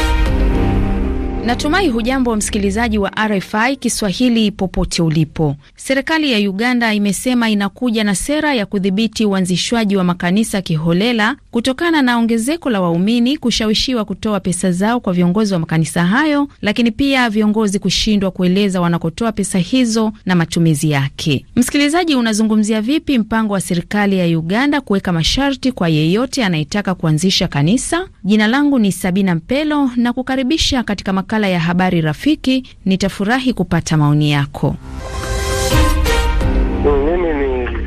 Natumai hujambo msikilizaji wa RFI Kiswahili popote ulipo. Serikali ya Uganda imesema inakuja na sera ya kudhibiti uanzishwaji wa makanisa kiholela kutokana na ongezeko la waumini kushawishiwa kutoa pesa zao kwa viongozi wa makanisa hayo, lakini pia viongozi kushindwa kueleza wanakotoa pesa hizo na matumizi yake. Msikilizaji, unazungumzia vipi mpango wa serikali ya Uganda kuweka masharti kwa yeyote anayetaka kuanzisha kanisa? Jina langu ni Sabina Mpelo na kukaribisha katika makala ya habari rafiki, nitafurahi kupata maoni yako.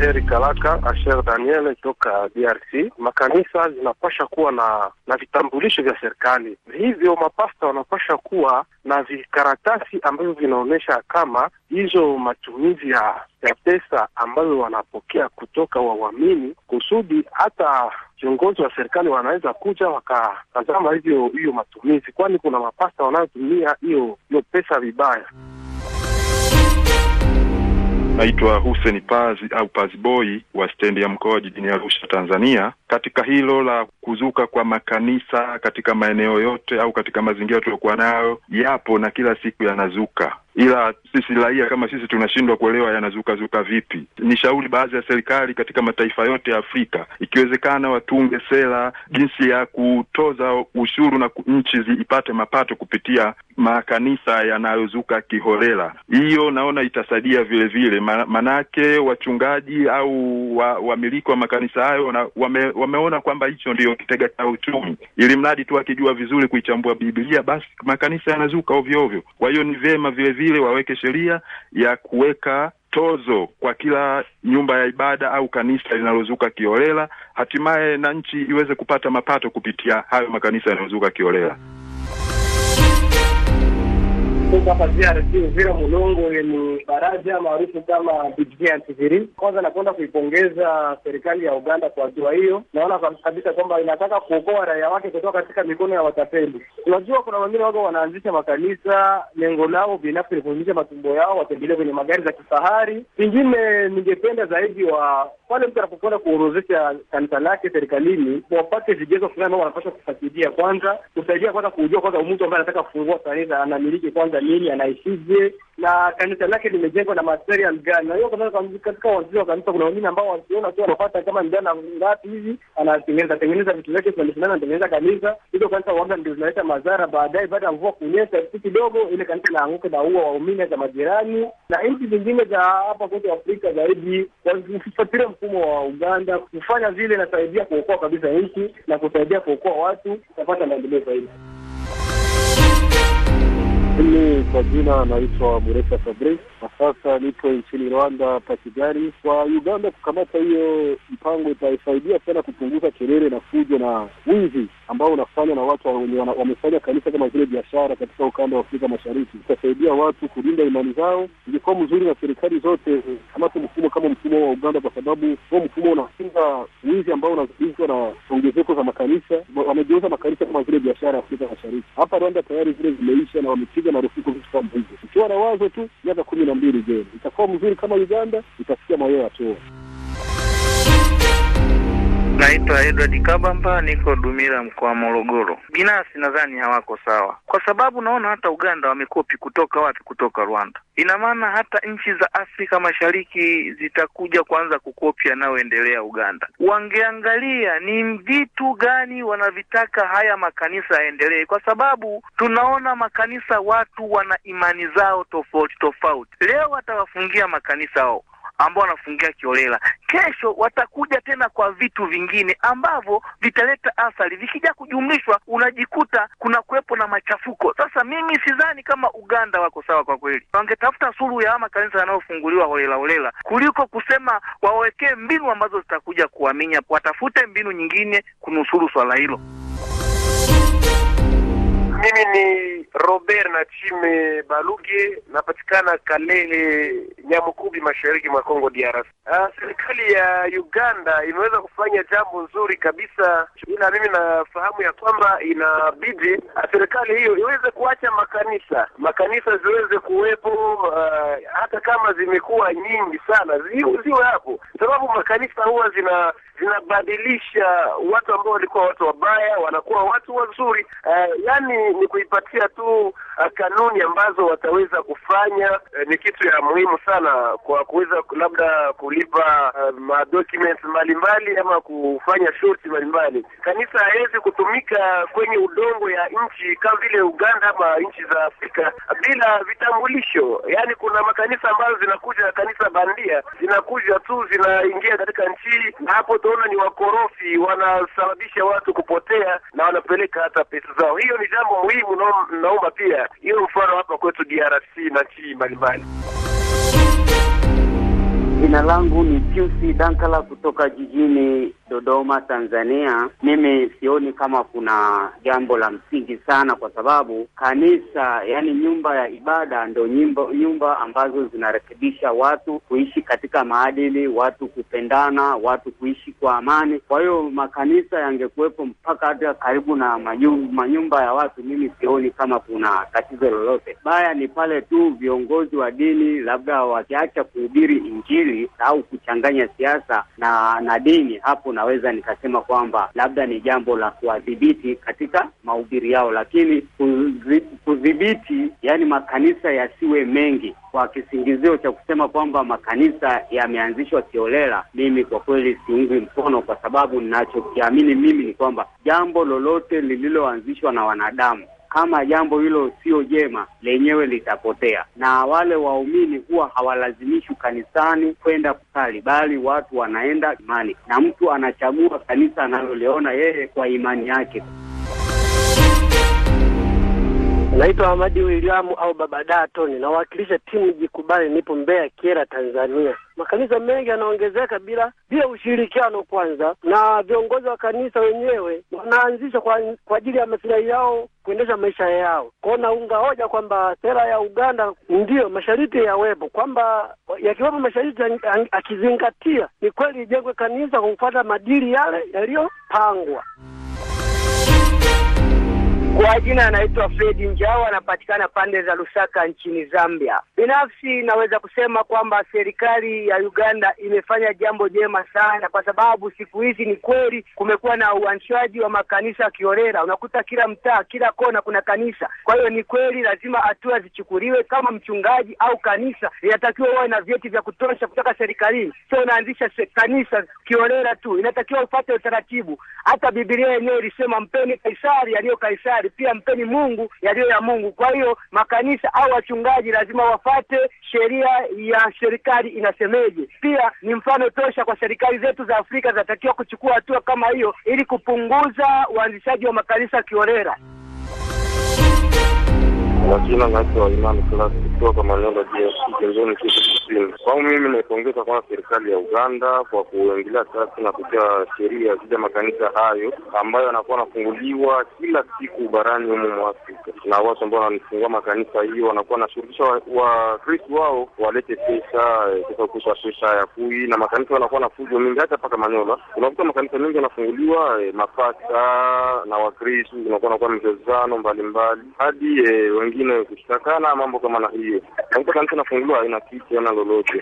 Heri Kalaka Asher Daniel toka DRC. Makanisa zinapasha kuwa na na vitambulisho vya serikali, hivyo mapasta wanapasha kuwa na vikaratasi ambavyo vinaonyesha kama hizo matumizi ya ya pesa ambayo wanapokea kutoka wa kusudi hata viongozi wa serikali wanaweza kuja wakatazama hivyo hiyo matumizi, kwani kuna mapasta wanayotumia hiyo hiyo pesa vibaya. Naitwa Hussein Pazi au Pazi boi wa stendi ya mkoa jijini Arusha, Tanzania. Katika hilo la kuzuka kwa makanisa katika maeneo yote au katika mazingira tuliokuwa nayo, yapo na kila siku yanazuka ila sisi raia kama sisi tunashindwa kuelewa yanazukazuka vipi. Ni shauri baadhi ya serikali katika mataifa yote ya Afrika, ikiwezekana watunge sera jinsi ya kutoza ushuru na nchi ipate mapato kupitia makanisa yanayozuka kiholela. Hiyo naona itasaidia vile vile, manake wachungaji au wamiliki wa, wa makanisa hayo wame, wameona kwamba hicho ndiyo kitega cha uchumi, ili mradi tu akijua vizuri kuichambua Biblia, basi makanisa yanazuka ovyo ovyo. Kwa hiyo ni vyema vile vile vile waweke sheria ya kuweka tozo kwa kila nyumba ya ibada au kanisa linalozuka kiolela, hatimaye na nchi iweze kupata mapato kupitia hayo makanisa yanayozuka kiolela tuko hapa DRC Uvira Mulongo, ni baraja maarufu kama BGTV. Kwanza nakwenda kuipongeza serikali ya Uganda kwa hatua hiyo. Naona kabisa kwamba inataka kuokoa raia wake kutoka katika mikono ya watapeli. Unajua, kuna wengine wako wanaanzisha makanisa, lengo lao binafsi ni kuvunjisha matumbo yao, watembelee kwenye magari za kifahari. pingine ningependa zaidi wa pale mtu anapokwenda kuorozesha kanisa lake serikalini, wapate vigezo fulani ambao wanapaswa kufatilia kwanza, kusaidia kwanza kujua kwanza mtu ambaye anataka kufungua kanisa anamiliki kwanza nini, anaishije na kanisa lake limejengwa na material ya Na hiyo katika wazee wa kanisa kuna wengine ambao wasiona tu wanapata kama mjana ngapi hivi anatengeneza tengeneza vitu vyake vinashindana, anatengeneza kanisa hizo. Kanisa waga ndio zinaleta madhara baadaye, baada ya mvua kunyesha tu kidogo, ile kanisa inaanguka na ua waumini za majirani na nchi zingine za hapa kote Afrika zaidi. Wasifuatilie mfumo wa Uganda, kufanya vile inasaidia kuokoa kabisa nchi na kusaidia kuokoa watu, utapata maendeleo zaidi. Mimi kwa jina anaitwa Mureka Fabri, na sasa nipo nchini Rwanda Pakigari. Kwa Uganda kukamata hiyo mpango itasaidia sana kupunguza kelele na fujo na wizi ambao unafanywa na watu wenye wamefanya kanisa kama vile biashara katika ukanda wa Afrika Mashariki. Itasaidia watu kulinda imani zao. Ingekuwa mzuri na serikali zote kamata mfumo kama mfumo wa Uganda, kwa sababu huo mfumo unakinga wizi ambao unazuizwa na ongezeko za makanisa. Wamegeuza makanisa kama vile biashara ya Afrika Mashariki. Hapa Rwanda tayari zile zimeisha na wamepiga na marufuku vitu kama hivi. Ikiwa na wazo tu miaka kumi na mbili, je, itakuwa mzuri kama Uganda? Itafikia maeneo ya toa Naitwa Edward Kabamba, niko dumira mkoa wa Morogoro. Binafsi nadhani hawako sawa, kwa sababu naona hata Uganda wamekopi kutoka wapi? Kutoka Rwanda. Ina maana hata nchi za Afrika Mashariki zitakuja kuanza kukopia yanayoendelea Uganda. Wangeangalia ni vitu gani wanavitaka haya makanisa yaendelee, kwa sababu tunaona makanisa, watu wana imani zao tofauti tofauti. Leo watawafungia makanisa hao ambao wanafungia kiolela. Kesho watakuja tena kwa vitu vingine ambavyo vitaleta athari, vikija kujumlishwa unajikuta kuna kuwepo na machafuko. Sasa mimi sidhani kama Uganda wako sawa kwa kweli, wangetafuta suluhu ya ama kanisa yanayofunguliwa holela holela kuliko kusema wawekee mbinu ambazo zitakuja kuaminya watafute mbinu nyingine kunusuru swala hilo. Mimi ni Robert Nachime Baluge, napatikana Kalehe Nyamukubi, mashariki mwa Kongo DRC. Uh, ah, serikali ya Uganda imeweza kufanya jambo nzuri kabisa, ila mimi nafahamu ya kwamba inabidi ah, serikali hiyo iweze kuacha makanisa, makanisa ziweze kuwepo, uh, hata kama zimekuwa nyingi sana ziwe hapo, sababu makanisa huwa zina zinabadilisha watu ambao walikuwa watu wabaya wanakuwa watu wazuri. Uh, yani ni kuipatia tu eh, kanuni ambazo wataweza kufanya. Eh, ni kitu ya muhimu sana kwa kuweza labda kulipa uh, eh, madocuments mbalimbali ama kufanya shoti mbalimbali. Kanisa hawezi kutumika kwenye udongo ya nchi kama vile Uganda ama nchi za Afrika bila vitambulisho. Yaani kuna makanisa ambazo zinakuja, kanisa bandia zinakuja tu zinaingia katika nchi, na hapo utaona ni wakorofi wanasababisha watu kupotea na wanapeleka hata pesa zao. Hiyo ni jambo muhimu, naomba pia iwe mfano hapa kwetu DRC na nchi mbalimbali. Jina langu ni Piusi Dankala kutoka jijini Dodoma, Tanzania. Mimi sioni kama kuna jambo la msingi sana, kwa sababu kanisa, yaani nyumba ya ibada, ndo nyumba, nyumba ambazo zinarekebisha watu kuishi katika maadili, watu kupendana, watu kuishi kwa amani. Kwa hiyo makanisa yangekuwepo mpaka hata karibu na manyumba ya watu, mimi sioni kama kuna tatizo lolote. Baya ni pale tu viongozi wa dini labda wakiacha kuhubiri Injili au kuchanganya siasa na na dini, hapo naweza nikasema kwamba labda ni jambo la kuwadhibiti katika mahubiri yao, lakini kudhibiti, yani makanisa yasiwe mengi kwa kisingizio cha kusema kwamba makanisa yameanzishwa kiolela, mimi kwa kweli siungi mkono, kwa sababu ninachokiamini mimi ni kwamba jambo lolote lililoanzishwa na wanadamu kama jambo hilo sio jema, lenyewe litapotea. Na wale waumini huwa hawalazimishwi kanisani kwenda kusali, bali watu wanaenda imani, na mtu anachagua kanisa analoliona yeye kwa imani yake. Naitwa Hamadi Williamu au Baba Dato, ninawakilisha timu Jikubali, nipo Mbeya Kiera, Tanzania. Makanisa mengi yanaongezeka bila bila ushirikiano kwanza, na viongozi wa kanisa wenyewe wanaanzisha kwa kwa ajili ya masilahi yao kuendesha maisha yao. Kwao naunga hoja kwamba sera ya Uganda ndiyo mashariti yawepo, kwamba yakiwepo mashariti akizingatia, ni kweli ijengwe kanisa kwa kufuata madili yale yaliyopangwa. Kwa jina anaitwa Fredi Njao, anapatikana pande za Lusaka nchini Zambia. Binafsi naweza kusema kwamba serikali ya Uganda imefanya jambo jema sana, kwa sababu siku hizi ni kweli kumekuwa na uanzishwaji wa makanisa kiorera. Unakuta kila mtaa, kila kona kuna kanisa. Kwa hiyo ni kweli lazima hatua zichukuliwe. Kama mchungaji au kanisa inatakiwa uwe na vyeti vya kutosha kutoka serikalini, sio unaanzisha kanisa kiorera tu, inatakiwa upate utaratibu. Hata Biblia yenyewe ilisema mpeni Kaisari aliyo Kaisari serikali, pia mpeni Mungu yaliyo ya Mungu. Kwa hiyo makanisa au wachungaji lazima wafate sheria ya serikali inasemeje. Pia ni mfano tosha kwa serikali zetu za Afrika, zinatakiwa kuchukua hatua kama hiyo ili kupunguza uanzishaji wa makanisa kiorera. Majina naitwa Imani Class kutoka Malendo, kitu Kwangu mimi naipongeza kwanza serikali ya Uganda kwa kuingilia sasa na kutia sheria dhidi ya makanisa hayo ambayo yanakuwa anafunguliwa kila siku barani humo mwa Afrika, na watu ambao wanafungua makanisa hiyo wanakuwa wanashughulisha Wakristo wao walete pesa pesa eh, kusa pesa ya kui, na makanisa wanakuwa na fujo mingi, hata mpaka Manyola unakuta makanisa mengi yanafunguliwa e, eh, mapasa na Wakristo unakuwa nakuwa mchezano mbalimbali hadi e, wengine kushitakana mambo kama na hiyo, nakuta kanisa nafunguliwa haina kitu na lolote tofauti.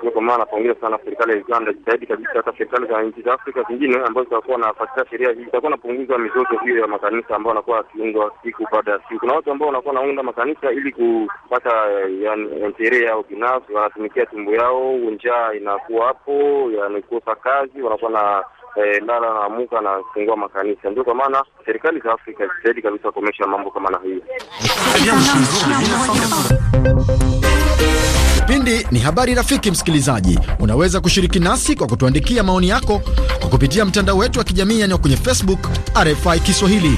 Ndio kwa maana napongeza sana serikali ya Uganda, zaidi kabisa, hata serikali za nchi za Afrika zingine ambazo zitakuwa nafuatilia sheria hii, itakuwa napunguza mizozo hiyo ya makanisa ambao wanakuwa wakiundwa siku baada ya siku. Kuna watu ambao wanakuwa naunda makanisa ili kupata eh, yani yao binafsi, wanatumikia tumbo yao, njaa inakuwa hapo, yani kazi, wanakuwa na Eh, lala na amuka na kufungua makanisa. Ndio kwa maana serikali za Afrika zaidi kabisa kukomesha mambo kama na hiyo. Kipindi ni habari rafiki. Msikilizaji, unaweza kushiriki nasi kwa kutuandikia maoni yako kwa kupitia mtandao wetu wa kijamii yani kwenye Facebook RFI Kiswahili.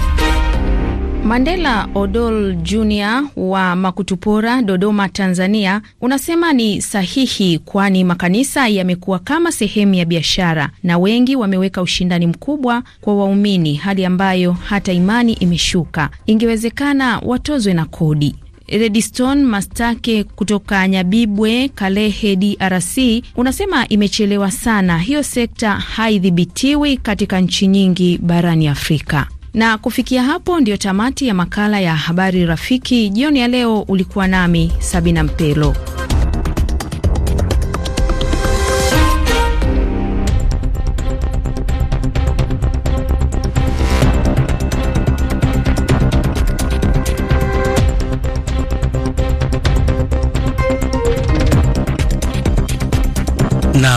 Mandela Odol Jr wa Makutupora, Dodoma, Tanzania, unasema ni sahihi, kwani makanisa yamekuwa kama sehemu ya biashara na wengi wameweka ushindani mkubwa kwa waumini, hali ambayo hata imani imeshuka. Ingewezekana watozwe na kodi. Rediston Mastake kutoka Nyabibwe, Kalehe, DRC, unasema imechelewa sana, hiyo sekta haidhibitiwi katika nchi nyingi barani Afrika. Na kufikia hapo ndiyo tamati ya makala ya habari rafiki jioni ya leo. Ulikuwa nami Sabina Mpelo.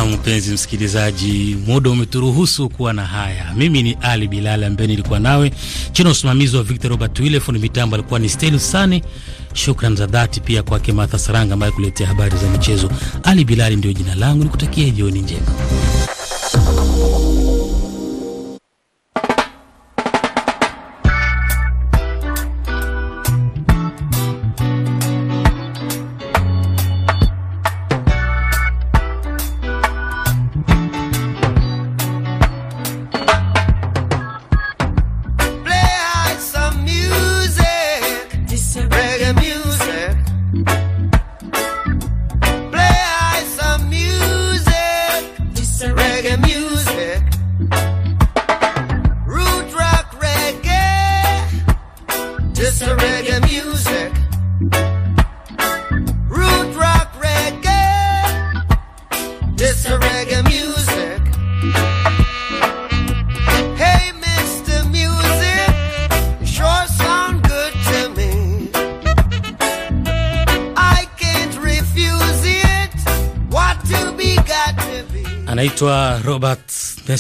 Naam, mpenzi msikilizaji, muda umeturuhusu kuwa na haya. Mimi ni Ali Bilali ambaye nilikuwa nawe chini ya usimamizi wa Victor Robert Wile, fundi mitambo alikuwa ni Stel Sani. Shukran za dhati pia kwake Martha Saranga ambaye kuletea habari za michezo. Ali Bilali ndio jina langu, nikutakia jioni njema.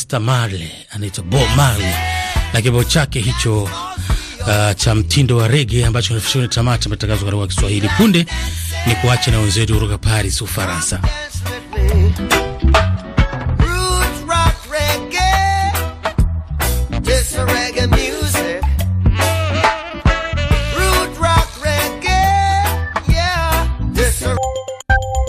Rasta Marley anaitwa Bo Marley na kibao chake hicho uh, cha mtindo wa rege ambacho tamata tamati ametangazwa kwa Kiswahili. Punde ni kuacha na wenzetu kutoka Paris, Ufaransa.